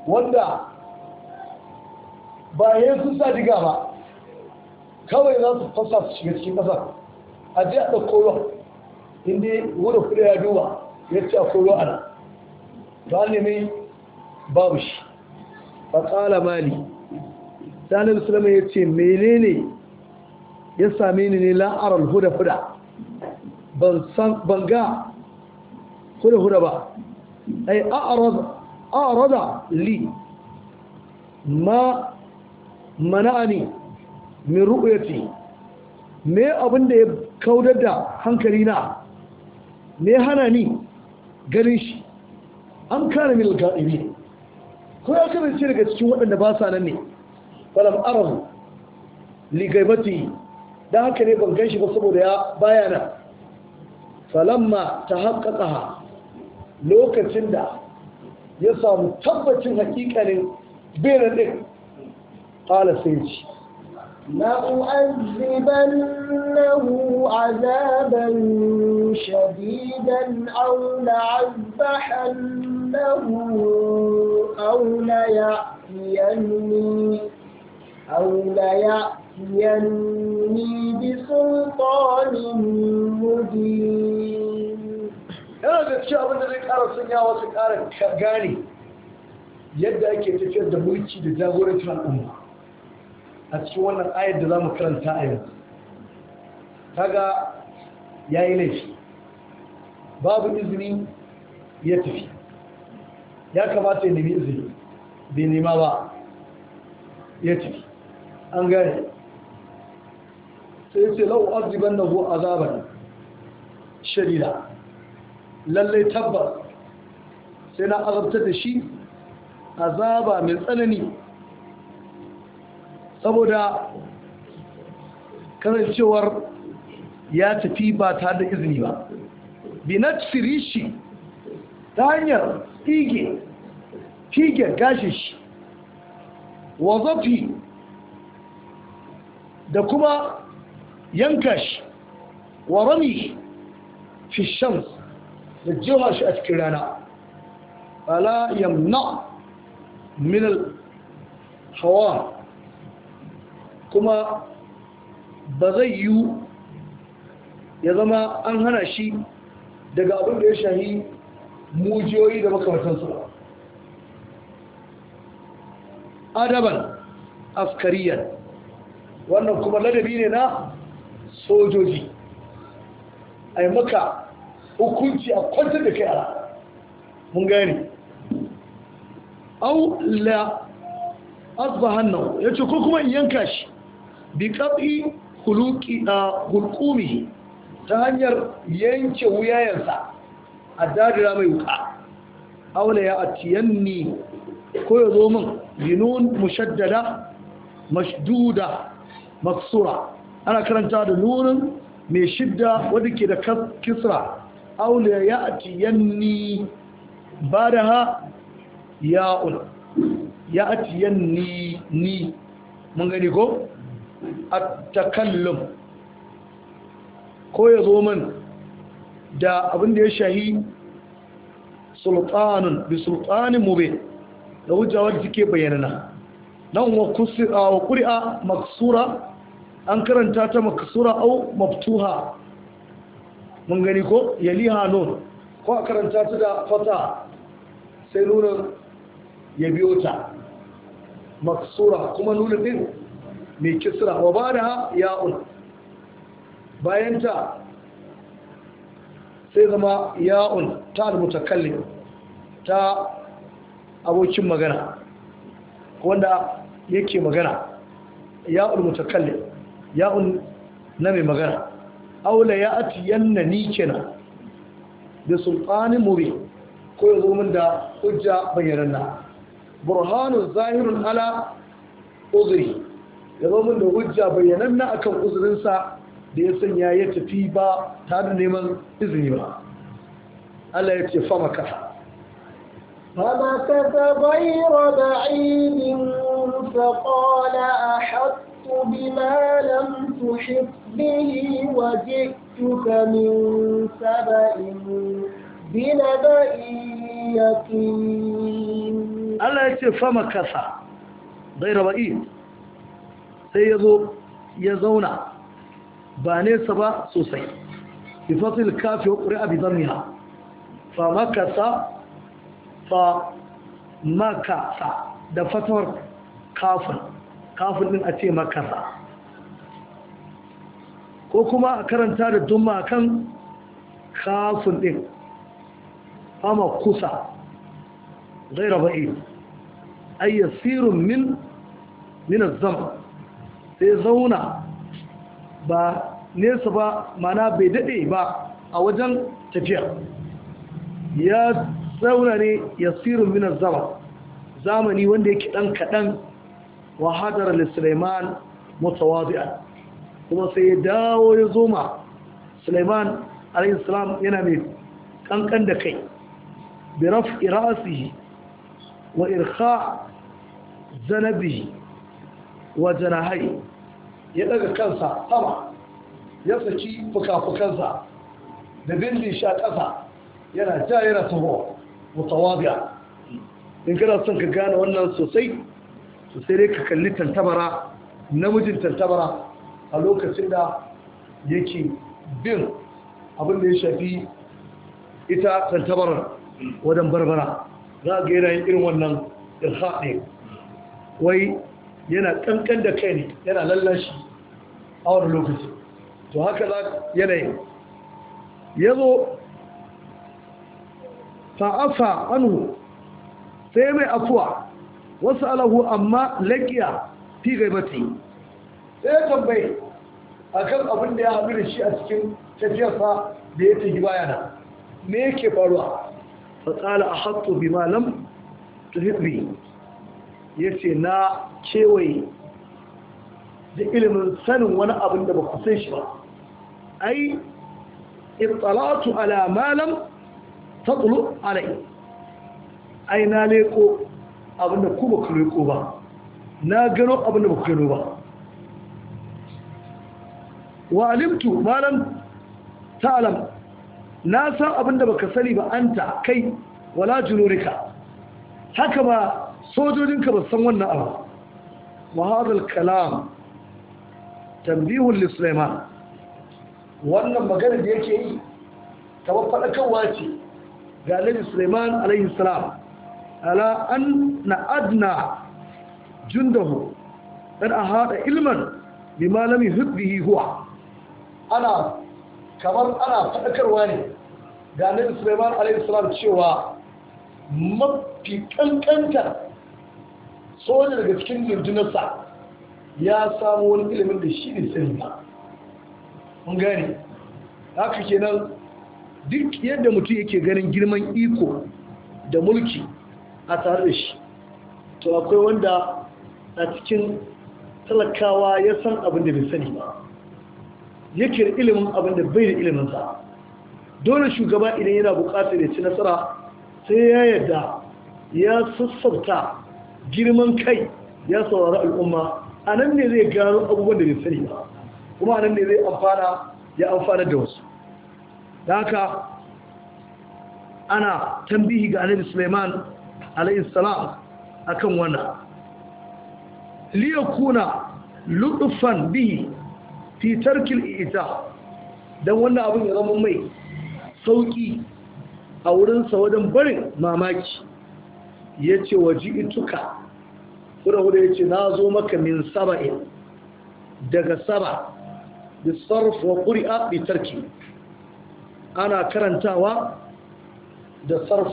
wanda ba ya sun sa diga ba kawai za su fasa su shiga cikin ƙasa a je a ɗauko ruwa inda wurin kuɗa ya duba ya ce akwai ruwa a nan Zalimi babu shi faƙala mali sanar musulama ya ce menene ya same ni ne la'arar huda-huda ban ga huda-huda ba ai a'arada li ma mana'ani min ru'yati me abin da ya kaudar da hankali na me hana ni ganin shi an kana min al ko ya kasance daga cikin waɗanda ba sa nan ne falam arahu li gaibati dan haka ne ban ganshi ba saboda ya baya Salamma falamma tahaqqaqaha lokacin da ya samu tabbacin hakikanin bayanan din qala sai لأعذبنه عذابا شديدا أو لأذبحنه أو ليأتيني أو ليأتيني بسلطان مبين. أنا da cewa abin da zai ƙara sanya wasu ƙara gane yadda ake tafiyar da mulki da jagorancin a cikin wannan ayar da za mu karanta a yanzu kaga ya yi laifi babu izini ya tafi ya kamata ya nemi izini bai nema ba ya tafi an gane sai ce lau arziban na zuwa azabar shirida lallai tabbas sai na azabtar da shi azaba mai tsanani saboda kasancewar ya tafi ba ta da izini ba binat sirishi ta hanyar tige tige gashishi shi wazafi da kuma yanka shi wa rami fi shams da jiwa shi a cikin rana ala yamna min al hawa kuma ba zai yi ya zama an hana shi daga abin da ya shahi mujiyoyi da ba. adaban afkariyar, wannan kuma ladabi ne na sojoji a yi maka hukunci a kwantar da kai ala mun gani au la azba hannu ya ce ko kuma in yanka shi bi qat'i khuluqi hulkumi ta hanyar yanke wuyayensa a dadira mai wuka aula ya yanni ko ya zo min binun mushaddada mashduda maksura ana karanta da nunin mai shidda wadda ke da kisra aula ya yanni ba da ha ya'ul ya yanni ni mun gani ko attakallum ko ya zo min da abin da ya shahi sultanun bi sultanin mube da hujjawa da suke bayyana nan wa ƙuri'a maksura an karanta ta maksura au maftuha mun gani ko yaliha nun ko a karanta ta da fata sai nunan ya biyo ta maksura kuma nunan din mai kisra wa ba da ya'un ta sai zama ya'un ta da mutakallim ta abokin magana wanda yake magana ya'un mutakallim ya'un na mai magana aula ya ati yanna ni kenan da sultanin muri ko yanzu zo min da hujja bayyana burhanu zahirun ala uzri gaba mun da hujja bayyanan na akan uzurinsa da ya sanya ya tafi ba ta da neman izini ba Allah ya ce fama ka fama ka ta bayyara da aibin fa kola a hattu bi malam tu shi wa je tuka min saba'in bi na ba'iyakin Allah ya ce fama kasa bayyara ba'iyakin sai ya zo ya zauna ba nesa ba sosai fasil kafi wa ƙuri abi zamiya fa sa fa sa da fatar kafin kafin ɗin a ce sa ko kuma a karanta da dumma kan kafin ɗin fama kusa Zai rabai ayyasirun min min zama sai zauna ba nesa ba mana bai daɗe ba a wajen tafiya ya zauna ne ya sirin minar zama zamani wanda yake ɗan kaɗan wa hadar suleiman mutawazi'a kuma sai ya dawo ya zoma suleiman alaihissalam yana mai ƙanƙan da kai Biraf raf'i ra'sihi wa irka zanabihi wa janahihi ya daga kansa sama ya saki fuka-fukansa da bindin sha ƙasa yana ta yana taho mutawabiya in kana son ka gane wannan sosai sosai dai ka kalli tantabara namijin tantabara a lokacin da yake bin abin da ya shafi ita tantabarar wadan barbara za a ga yana irin wannan irhaɗe wai yana kankan da kai ne yana lallashi a wani lokaci to haka za yanayin ya zo fa'afa anu, sai mai afuwa wasu alahu amma laƙiya fi gaibati sai ya tambaye a kan abin da ya haɗu da shi a cikin tafiyarsa da ya tafi bayana me yake faruwa tsala a haɗu bi malam tuhibbi ya ce na kewaye da ilimin sanin wani abin da ba ku san shi ba ai ittalatu ala malam tatlu alai ai na leko abin da ku ba ku leko ba na gano abin da ba ku gano ba wa alimtu malam ta'lam na san abin da baka sani ba anta kai wala junurika haka ba sojojinka ba san wannan abu wahadar kalam tambihun lisleman wannan magana da yake yi ta faɗakarwa ce ga nabi suleiman alaihi salam ala an na adna jundahu dan a haɗa ilman bi malami hudbihi huwa ana kamar ana faɗakarwa ne ga nabi suleiman alaihi salam cewa mafi ƙanƙantar soja daga cikin jirginarsa ya samu wani ilimin da shi ne sani ba mun gane haka kenan duk yadda mutum yake ganin girman iko da mulki a tare da shi to akwai wanda a cikin talakawa ya san abin da bai sani ba yake da ilimin abin da bai da iliminsa dole shugaba idan yana bukatar ya ci nasara sai ya yarda ya sassauta girman kai ya saurari al'umma a nan ne zai gano abubuwan da bai sani ba kuma a nan ne zai amfana ya amfana da wasu da haka ana tambihi ga annabi suleiman alayhi a akan wanda. liyakuna ludufan bihi fi tarkil ita don wannan abin ya zama mai sauƙi a wurinsa wajen barin mamaki ya ce waje ituka huda huda ya ce na zo maka min saba'in daga saba da sarf wa ƙuri'a mai tarki ana karantawa da sarf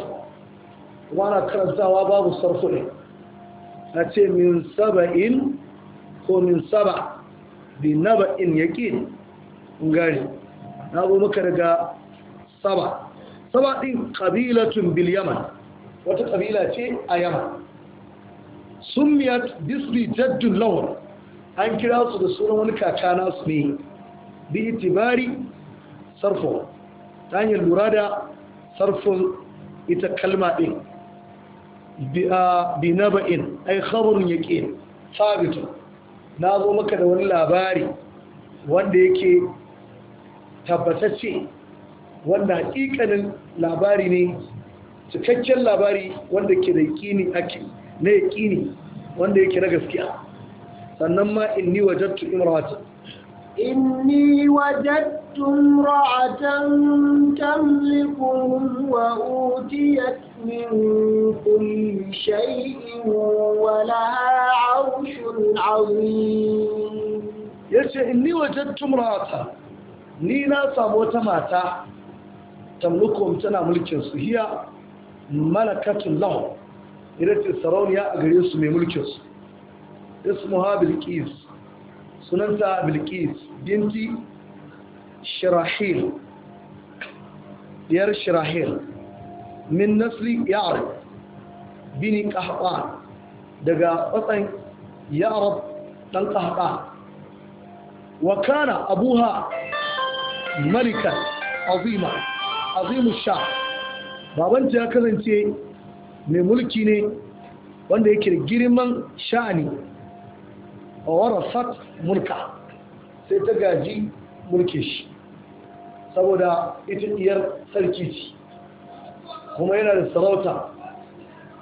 kuma ana karantawa babu sarfu ne a ce min saba'in ko min saba bi in yaƙin gari na zo maka daga saba saba ɗin ƙabilatun bil yaman wata ƙabila ce a yaman summiyat bisri jaddun lawan an kira su da sunan wani kaka nasu ne bi itibari sarfo ta hanyar lura da sarfin ita kalma ɗin bi na ba'in ai khabarin yaƙin sabitin na zo maka da wani labari wanda yake tabbatacce wanda hakikanin labari ne cikakken labari wanda ke da yaƙini ake na ƙini wanda yake na gaskiya sannan ma inni wa wajadtu imra'atan inni wa wajadtu imra'atan tamlikuhum wa utiyat min kulli shay'in wa laha 'arshun 'azim yace inni wa wajadtu imra'atan ni na samu wata mata tamlukum tana mulkin su hiya malakatun lahu ita ce sarauniya a gare su mai mulkin su ismuha bilqis sunanta bilqis binti shirahil diyar shirahil min nasli ya'rab bini qahtan daga tsatsan ya'rab dan qahtan wa kana abuha malikan azima azimu sha babanta ya kasance mai mulki ne wanda yake girman sha'ani a warasat mulka sai ta gaji mulke shi saboda ita diyar sarki ce kuma yana da sarauta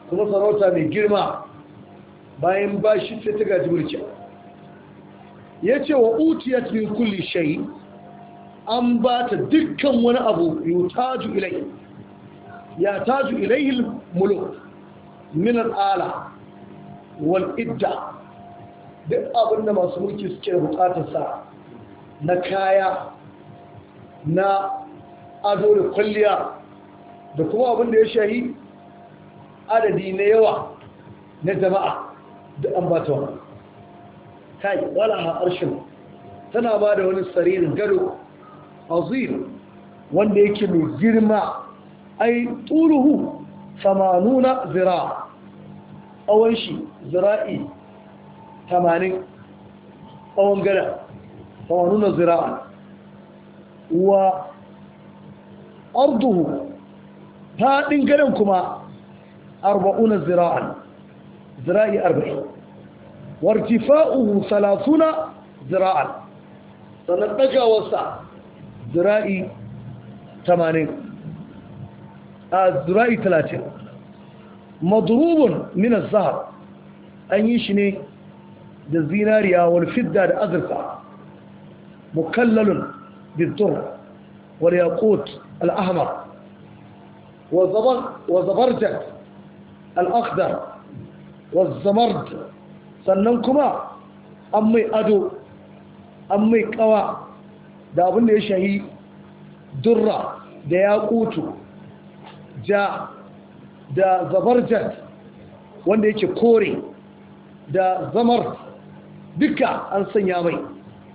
kuma sarauta mai girma bayan bashi shi sai ta gaji mulki ya ce wa utiyat min kulli shayi an ba ta dukkan wani abu yutaju ilai ya taju ilai muluk min al'ala wal idda duk abin da masu mulki suke da bukatarsa na kaya na ado da kwalliya da kuma abin da ya shahi adadi na yawa na jama'a da ambatawa kai wala arshin tana ba da wani saririn gado azir wanda yake mai girma ai tuluhu samanuna zira tsawon shi zira'i tamanin tsawon gada samanuna zira'a wa arduhu faɗin gadan kuma arba'una zira'an zira'i arba'in wartifa'uhu salasuna zira'an sannan zira'i tamanin الزراعي 30 madrubun min az-zahab an yi shi ne da zinariya wal fidda da azurfa mukallalun bidur wal yaqut al ahmar wa zabar wa zabarjat al akhdar wa zamard sannan kuma an mai ado an mai kawa da abin da ya shahi durra da yaqutu ja da zabarjat wanda yake kore da zamar duka an sanya mai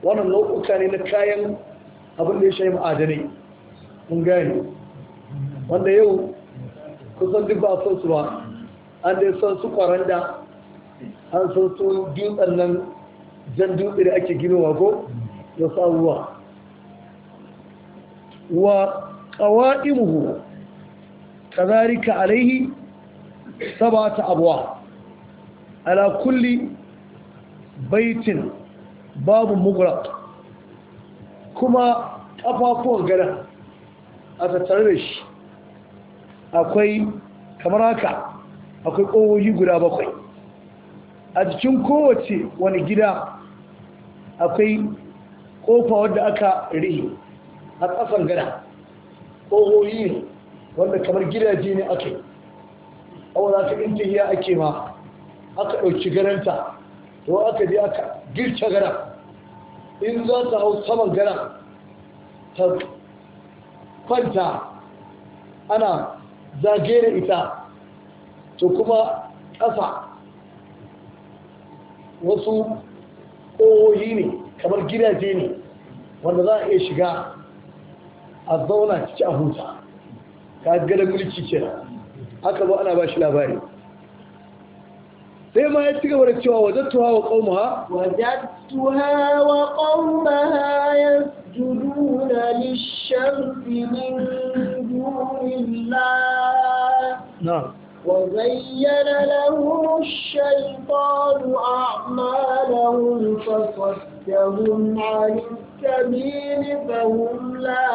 wannan nau'uka ne na kayan abin da ya shayi ma'adanai mun gane wanda yau kusan duk ba su ba an dai san su kwaranda an san su dutsen nan jan dutse da ake ginowa ko da sabuwa wa ƙawa'imuhu kazalika alaihi sabata abwa ala kulli baitin babu mugura. kuma ƙafafuwan gada a tattare da shi akwai kamar haka akwai ƙogogi guda bakwai a cikin kowace wani gida akwai ƙofa wadda aka rihi a ƙasan gada ƙogogi wanda kamar gidaje ne ake awa za ka intahiya ake ma aka ɗauki garanta to aka je aka girce gara in za ta hau saman gara ta kwanta ana da ita to kuma ƙasa wasu ƙohohi ne kamar gidaje ne wanda za a iya shiga a zauna ciki a huta ka gada mulki kenan haka ba ana ba shi labari sai ma ya ci gaba da cewa wajattuha wa qaumaha wajattuha wa qaumaha yasjuduna lish-shamsi min dunillah na'am وزين لهم الشيطان أعمالهم فصدهم عن السبيل فهم لا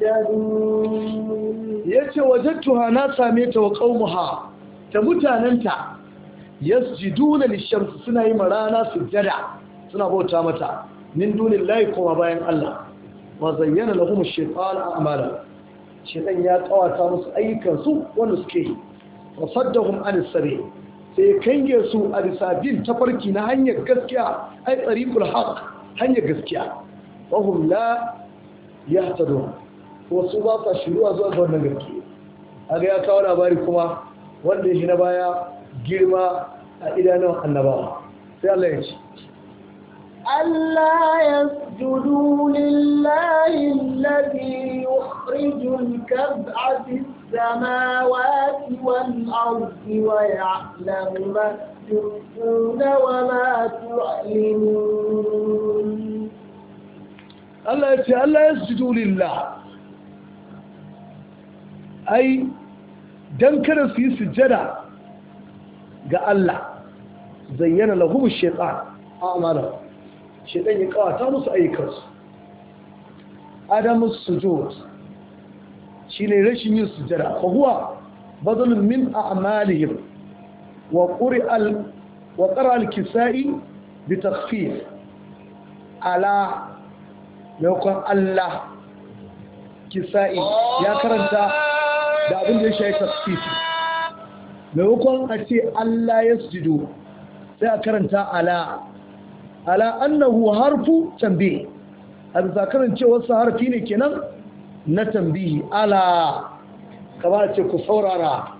يهتدون يتي وجدتها ناسا ميت وقومها تمتاننتا يسجدون للشمس سنة مرانا سجدا سنة بوتا متى من دون الله كما باين الله وزين لهم الشيطان أعمالا شيطان يا قواتا مس أي كنسو ونسكي وصدهم عن السبيل sai kange su a bisa bin tafarki na hanyar gaskiya ai tsariƙul haq hanyar gaskiya fahum la yahtadun wasu ba ta shiruwa zuwa ga wannan a ga ya kawo labari kuma wanda ya shi na baya girma a idanun annabawa sai Allah ya ce ألا يسجدوا لله الذي يخرج الكبع في السماوات والأرض ويعلم ما تخفون وما تعلنون Allah ya ce Allah ya sujudu lillah ai dan kada su yi sujjada ga Allah zayyana lahum shaytan amala shaytan ya kawata musu ayyukansu adamu sujud shine rashin yin sujjada fa huwa badalun min a'malihim wa qira al wa qara al-kisai bi takhfif ala maimakon Allah kisa'i ya karanta da abin da ya shayi tafsiri maimakon a ce Allah ya sujudu sai a karanta ala ala annahu harfu tambaye a bisa wasu harfi ne kenan na tambihi ala kamar ce ku saurara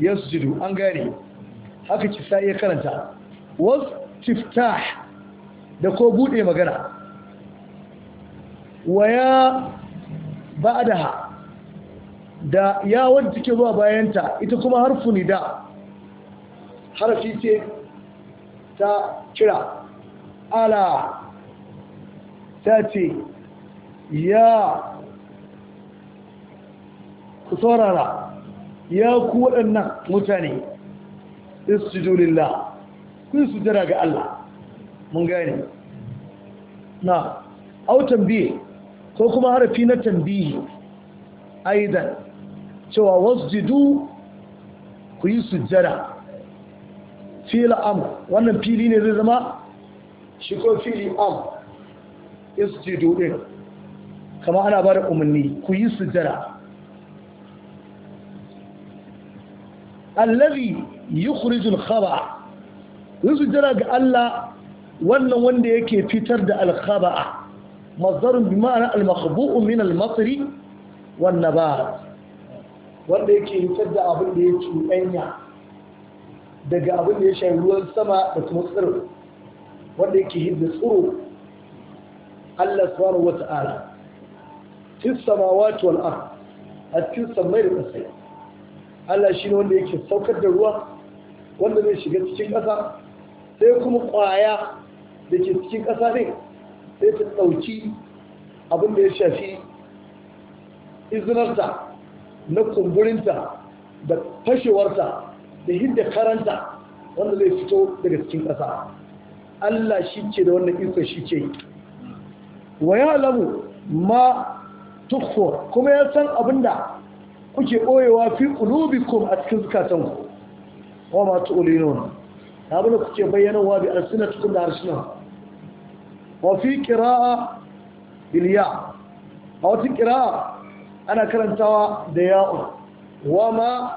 ya sujudu an gane haka kisa'i ya karanta wasu tifta da ko bude magana waya ba da ha da ya wadda take zuwa bayanta ita kuma harfu da harfi ce ta kira ala tace ce ya ku saurara ya ku waɗannan mutane istijulillah kun su jira ga Allah mun gane na autan biye ko kuma harafi na tambihi aidan cewa wasjidu ku yi sujjada fila am wannan fili ne zai zama shi ko fili am isjidu din kama ana ba da umarni ku yi sujjada allazi yukhrijul khaba yi sujjada ga Allah wannan wanda yake fitar da alkhaba'a مصدر بمعنى المخبوء من المطر والنبات wanda yake hitar da abin da ya cuɗanya daga abin da ya shafi ruwan sama da kuma tsiro wanda yake hidda tsiro Allah subhanahu wata'ala fis samawati wal ard a cikin samai da kasai Allah shi ne wanda yake saukar da ruwa wanda zai shiga cikin ƙasa sai kuma ƙwaya da ke cikin ƙasa ne sai ta ɗauki abin da ya shafi izinarta na kumburinta da fashewarta da hidda karanta wanda zai fito daga cikin ƙasa Allah shi ce da wannan ikon shi ce wa ya alamu ma tukho kuma ya san abin da kuke ɓoyewa fi ƙulubikum a cikin ku wa ma na abin da kuke bayyanawa bi arsinatukum da harsunan وفي قراءة بالياء أو في قراءة أنا كلام توا دياء وما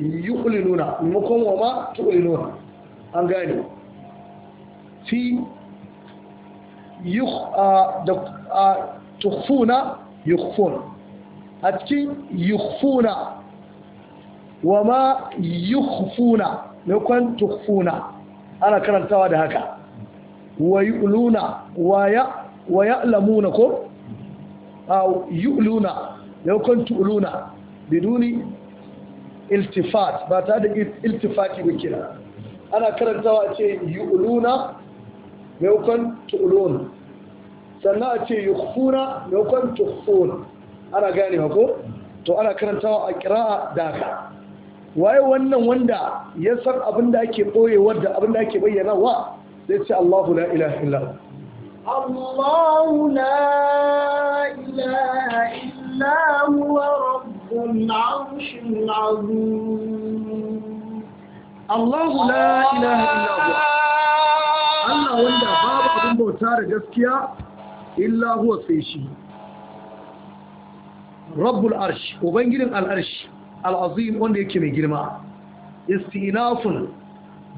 يخللون المقوم وما تخللون أنقاني في يخ آه، آه، تخفون يخفون أتكي يخفون وما يخفون لو كان تخفون أنا كلام كرنتوا دهكا wa waya wa ko aw yu'luna law kuntu uluna biduni iltifat ba ta da iltifati ba kira ana karantawa ce yu'luna maimakon tu'lun sannan a ce law kuntu khun ana gane ko to ana karantawa a kira'a da ka. waye wannan wanda ya san abin da ake ɓoyewar da abin da bayyana wa? sai ce Allahu la ilaha illa Allahu la ilaha illa huwa rabbul arshil azim Allahu la ilaha illa huwa Allah wanda babu abin bauta da gaskiya illa huwa sai shi rabbul arsh Ubangirin Al'arshi, al'azim wanda yake mai girma istinafun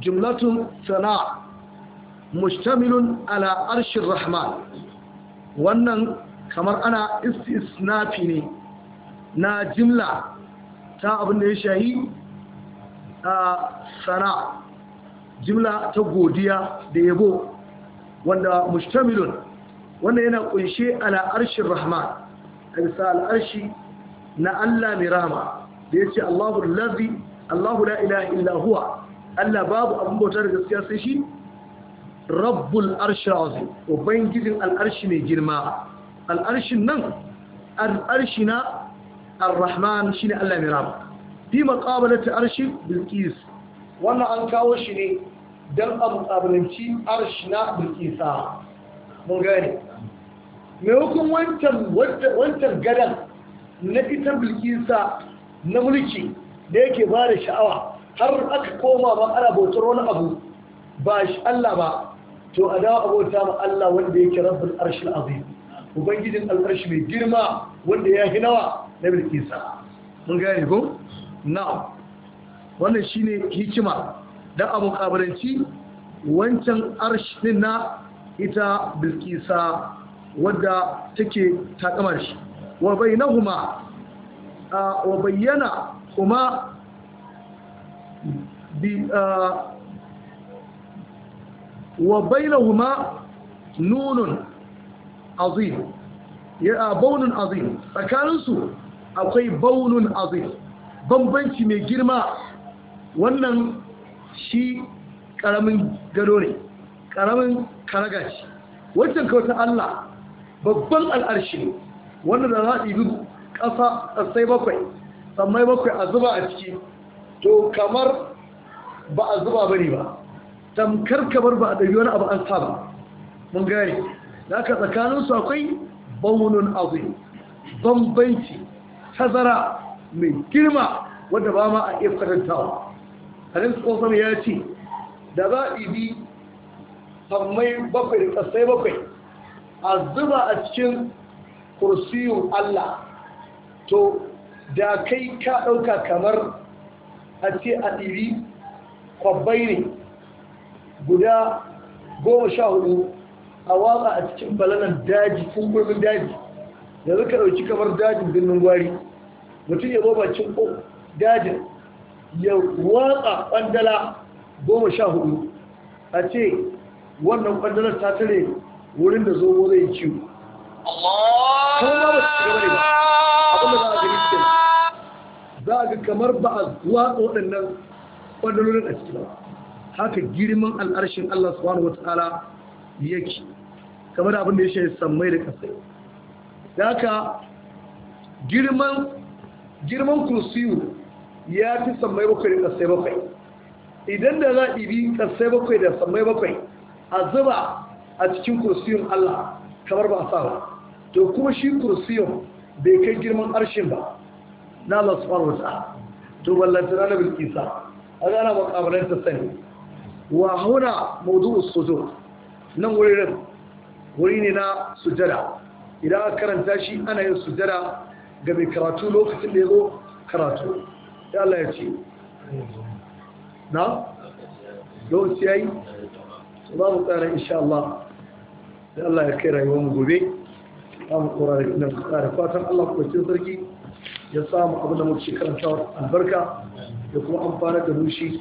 jumlatun Sana'a. mustamilun ala arshin rahman wannan kamar ana istisnafi ne na jimla ta abin da ya shayi a sana jimla ta godiya da yabo wanda mustamilun wanda yana kunshe ala arshin rahman a bisa al'arshi na Allah mai rahama da ya ce Allahu ladi, Allahu la ilaha illa Allah babu abin bautar gaskiya sai shi rabbul arshi azim ubangijin al'arshi mai girma al'arshin nan al'arshi na ar-rahman ne Allah mai rahama fi muqabalati arshi bilqis wannan an kawo shi ne don abu tsabalanci arshi na bilqisa mun gane me hukun wancan wancan gadan na ita bilqisa na mulki da yake ba da sha'awa har aka koma ba ana bautar wani abu ba shi Allah ba to a dawo abota ma Allah wanda yake rabbul arshil azim ubangijin al'arshi mai girma wanda ya hi nawa na bilkisa mun gane ko now wannan shine hikima dan abu kabaranci wancan arshi na ita bilkisa wadda take takamar shi wa bainahuma wa bayyana kuma bi wa نون nunun يا بون عظيم azim tsakaninsu akwai baunun azim bambanci mai girma wannan shi karamin gado ne karamin karaga ce wancan kawata Allah babban al'arshi ne wanda da za a ɗibi ƙasa ƙasai bakwai tsammai bakwai a zuba a ciki to kamar ba a zuba bane ba tamkar kamar ba a ɗari wani abu an saba mun gane da aka tsakaninsu akwai baunin abu. bambanci tazara mai girma wadda ba ma a iya fadantawa. halin tsofam ya ce da za a ibi sammai bakwai da tsassai bakwai a zuba a cikin kursiyun Allah to da kai ka ɗauka kamar a ce a ɗiri kwabbai ne guda goma sha hudu a watsa a cikin balanan daji gurbin daji da zuka dauki kamar dajin birnin gwari mutum ya goma cin dajin ya watsa kwandala goma sha hudu a ce wannan kwandalar ta tare wurin da zobo zai ciwo za a ga kamar ba a watsa waɗannan ƙwandalorin a cikin ba haka girman al'arshin Allah subhanahu wataala yake kamar abin da ya shafi sammai da kasai da haka girman girman kursiyu ya fi sammai bakwai da kasai bakwai idan da za ibi kasai bakwai da sammai bakwai a zuba a cikin kursiyun Allah kamar ba a sa ba to kuma shi kursiyun bai kai girman arshin ba na Allah subhanahu wa ta'ala to ballantana na bilkisa a gana makamalar ta sani wa huna mawdu'u sujud nan wuri ne na sujada idan aka karanta shi ana yin sujada ga mai karatu lokacin da ya zo karatu ya Allah ya ce na lokaci yayi su ba mu tsara insha Allah da Allah ya kai rayuwar mu gobe za mu kora mu tsara fatan Allah ku cikin sarki ya samu abin da muke karantawa albarka da kuma amfana da rushi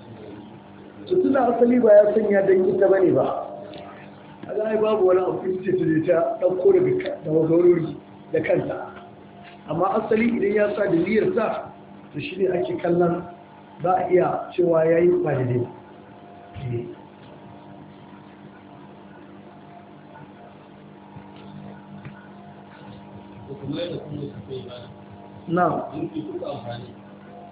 su tuna asali ba ya sanya don ita ne ba a zai babu wani abu da ta ta ɗauko daga daga da kanta amma asali idan ya sa da daliliyar sa shi ne ake kallon za a iya cewa yayi ba da dai na kewaye da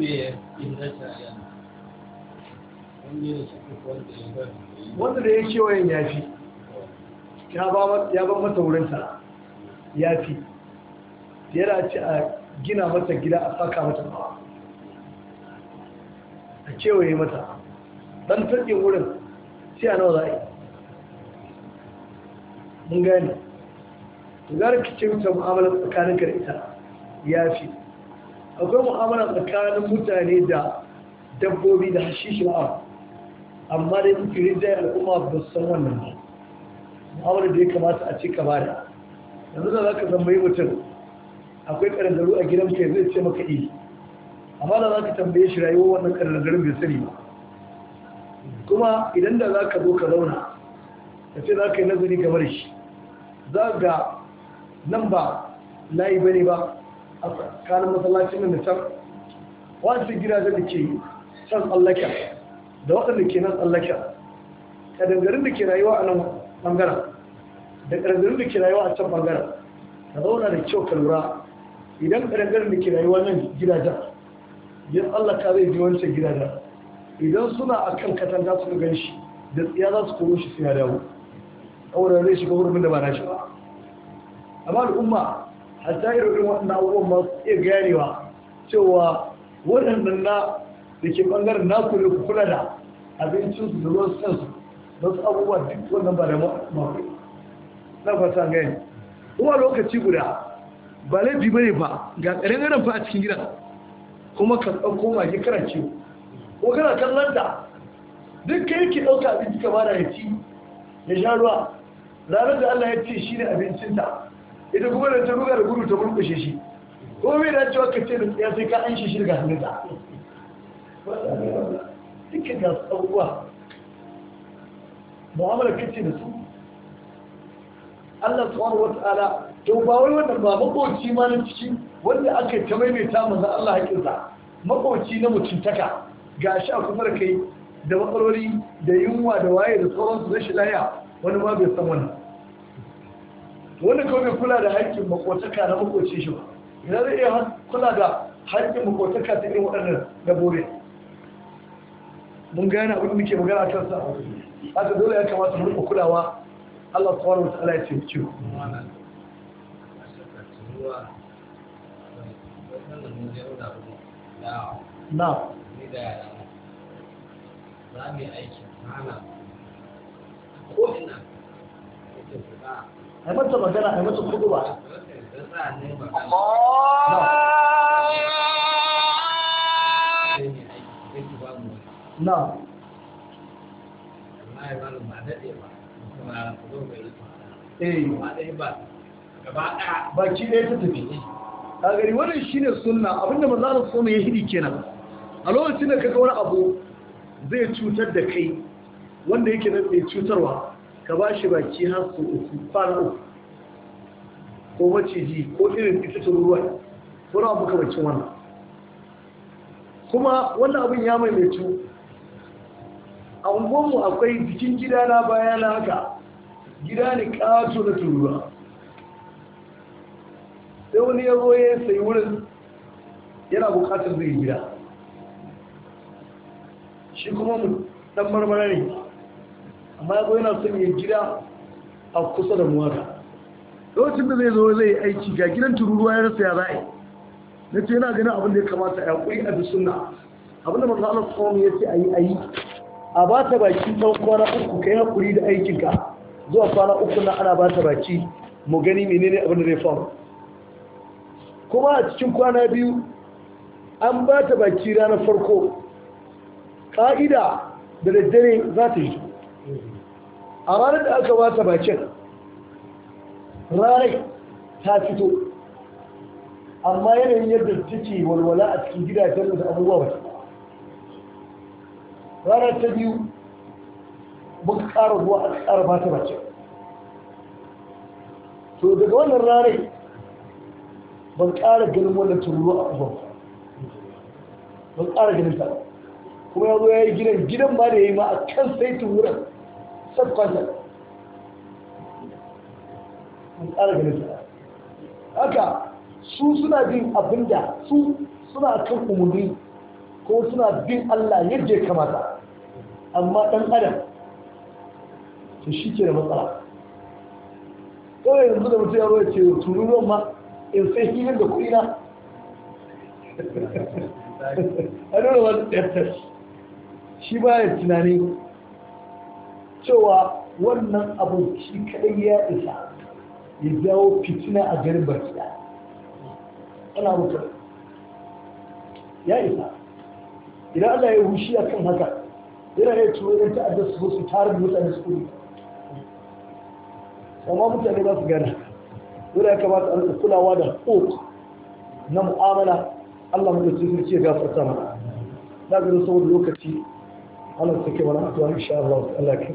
ya yi dasa ya fi, ya ba wanda wurin ya ya fi ya ba mata yana ci a gina mata gida a saka mata ba a kewaye mata Ɗan turkin wurin siya nawa za yi mun gani. zarki ka ce mutum mu'amala tsakanin ka da ita ya fi akwai mu'amala tsakanin mutane da dabbobi da hashishi ma'a amma da yin firin da al'umma ba san wannan ba mu'amala da ya kamata a cika ba da yanzu da za ka tambayi mutum akwai karandaru a gidan ka zai ce maka iya eh. amma da za ka tambaye shi rayuwar wannan ƙarangarun bai sani ba kuma idan da za ka zo ka zauna ka ce za ka yi nazari game da shi za ga nan ba layi bane ba a tsakanin masallacin nan da can wasu gidajen da ke can tsallaka da waɗanda ke nan tsallaka da dangarin da ke rayuwa a nan ɓangaren da ƙarfin da ke rayuwa a can ɓangaren ka zauna da kyau ka lura idan ƙarfin da ke rayuwa nan gidajen ya tsallaka zai ji wancan gidajen idan suna a kan su ga gan shi da tsiya za su koro shi suna dawo a wurare shiga hurumin da ba na shi ba amma al'umma hatta irin waɗannan abubuwan masu iya ganewa cewa waɗannan na da ke ɓangaren na da kula da abincinsu da ruwan sansu da su abubuwa duk wannan ba da mafi na fata gani kuma lokaci guda ba laifi bane ba ga ƙarin ƙarƙarin fa a cikin gidan kuma ka ɗauko mage kana ce ko kana kallon ta duk kai ke ɗauka abinci ka bada ya ci ya sha ruwa ranar da Allah ya ce shi ne abincinta ita kuma da ta ruga da gudu ta murkushe shi ko mai da cewa ka ce da tsaya sai ka an shi shirga hannunta dukkan ga tsawuwa mu'amala kace da su Allah subhanahu wata'ala to ba wai wannan ba makoci ma na ciki wanda aka ta maimaita manzo Allah hakinsa makoci na mutuntaka gashi a kuma da kai da matsaloli da yunwa da waye da sauransu shi laya wani ma bai san wannan wani kawai bai kula da haƙƙin makotaka na makoci shi ba idan zai iya kula da haƙƙin makotaka ta irin waɗannan bore mun gane abin muke magana a kansa haka dole ya kamata mu rika kulawa Allah subhanahu wa ta'ala ya ce ciwo na za mu yi aikin ko ina ai mata magana ai mata kudu ba na eh. baki ɗaya ta tafi a gari wannan shi ne suna abinda mazalar suna ya hidi kenan a lokacin da ka wani abu zai cutar da kai wanda yake nan cutarwa ka ba shi baki har su uku fara uku ko maciji ko irin fitattun ruwa wani abu kamacin wannan kuma wannan abin ya maimaitu a unguwanmu akwai jikin gida na baya na haka gida ne kato na turuwa sai wani ya zo ya sai wurin yana bukatar zai gida shi kuma mu dan marmara ne amma ya yana son ya gida a kusa da muwaka lokacin da zai zo zai aiki ga gidan tururuwa ya rasa ya za'a na ce yana ganin abin da ya kamata ya kuri a bisunna abin da masu ala tsawon ya ce a yi a yi a ba ta baki ta kwana uku ka yi hakuri da aikinka zuwa kwana uku na ana ba ta baki mu gani menene abin da zai faru kuma a cikin kwana biyu an ba ta baki ranar farko ƙa'ida da daddare za ta yi a ranar da aka wata bakin ranar ta fito amma yanayin yadda take walwala a cikin gidajen da abubuwa ba ranar ta biyu mun ƙara ruwa a ƙara ba ta bakin to daga wannan ranar ban ƙara ganin wannan turuwa a abubuwa ban ƙara ganin ta kuma ya zo ya yi gidan gidan ba da ya yi ma a kan saitin wurin shan kwallon mun tsara ganin haka su suna bin abin da su suna kan umarni ko suna bin Allah yadda ya kamata amma ɗan adam to shi ke da matsala kawai yanzu da mutum ya roya turu ruwan ma in sai hilin da kuɗi na a nuna wani ɗantar shi ba ya tunani cewa wannan abu shi kadai ya isa ya jawo fitina a garin barci. da ana mutu ya isa idan Allah ya hushi a kan haka yana ya turo yan ta'adda su su tara da mutane su kuri amma mutane za su gana dole ya kamata a kulawa da hukuk na mu'amala Allah mu da cikin ce gafarta mana na gani saboda lokaci Allah take mana addu'a insha Allah Allah kai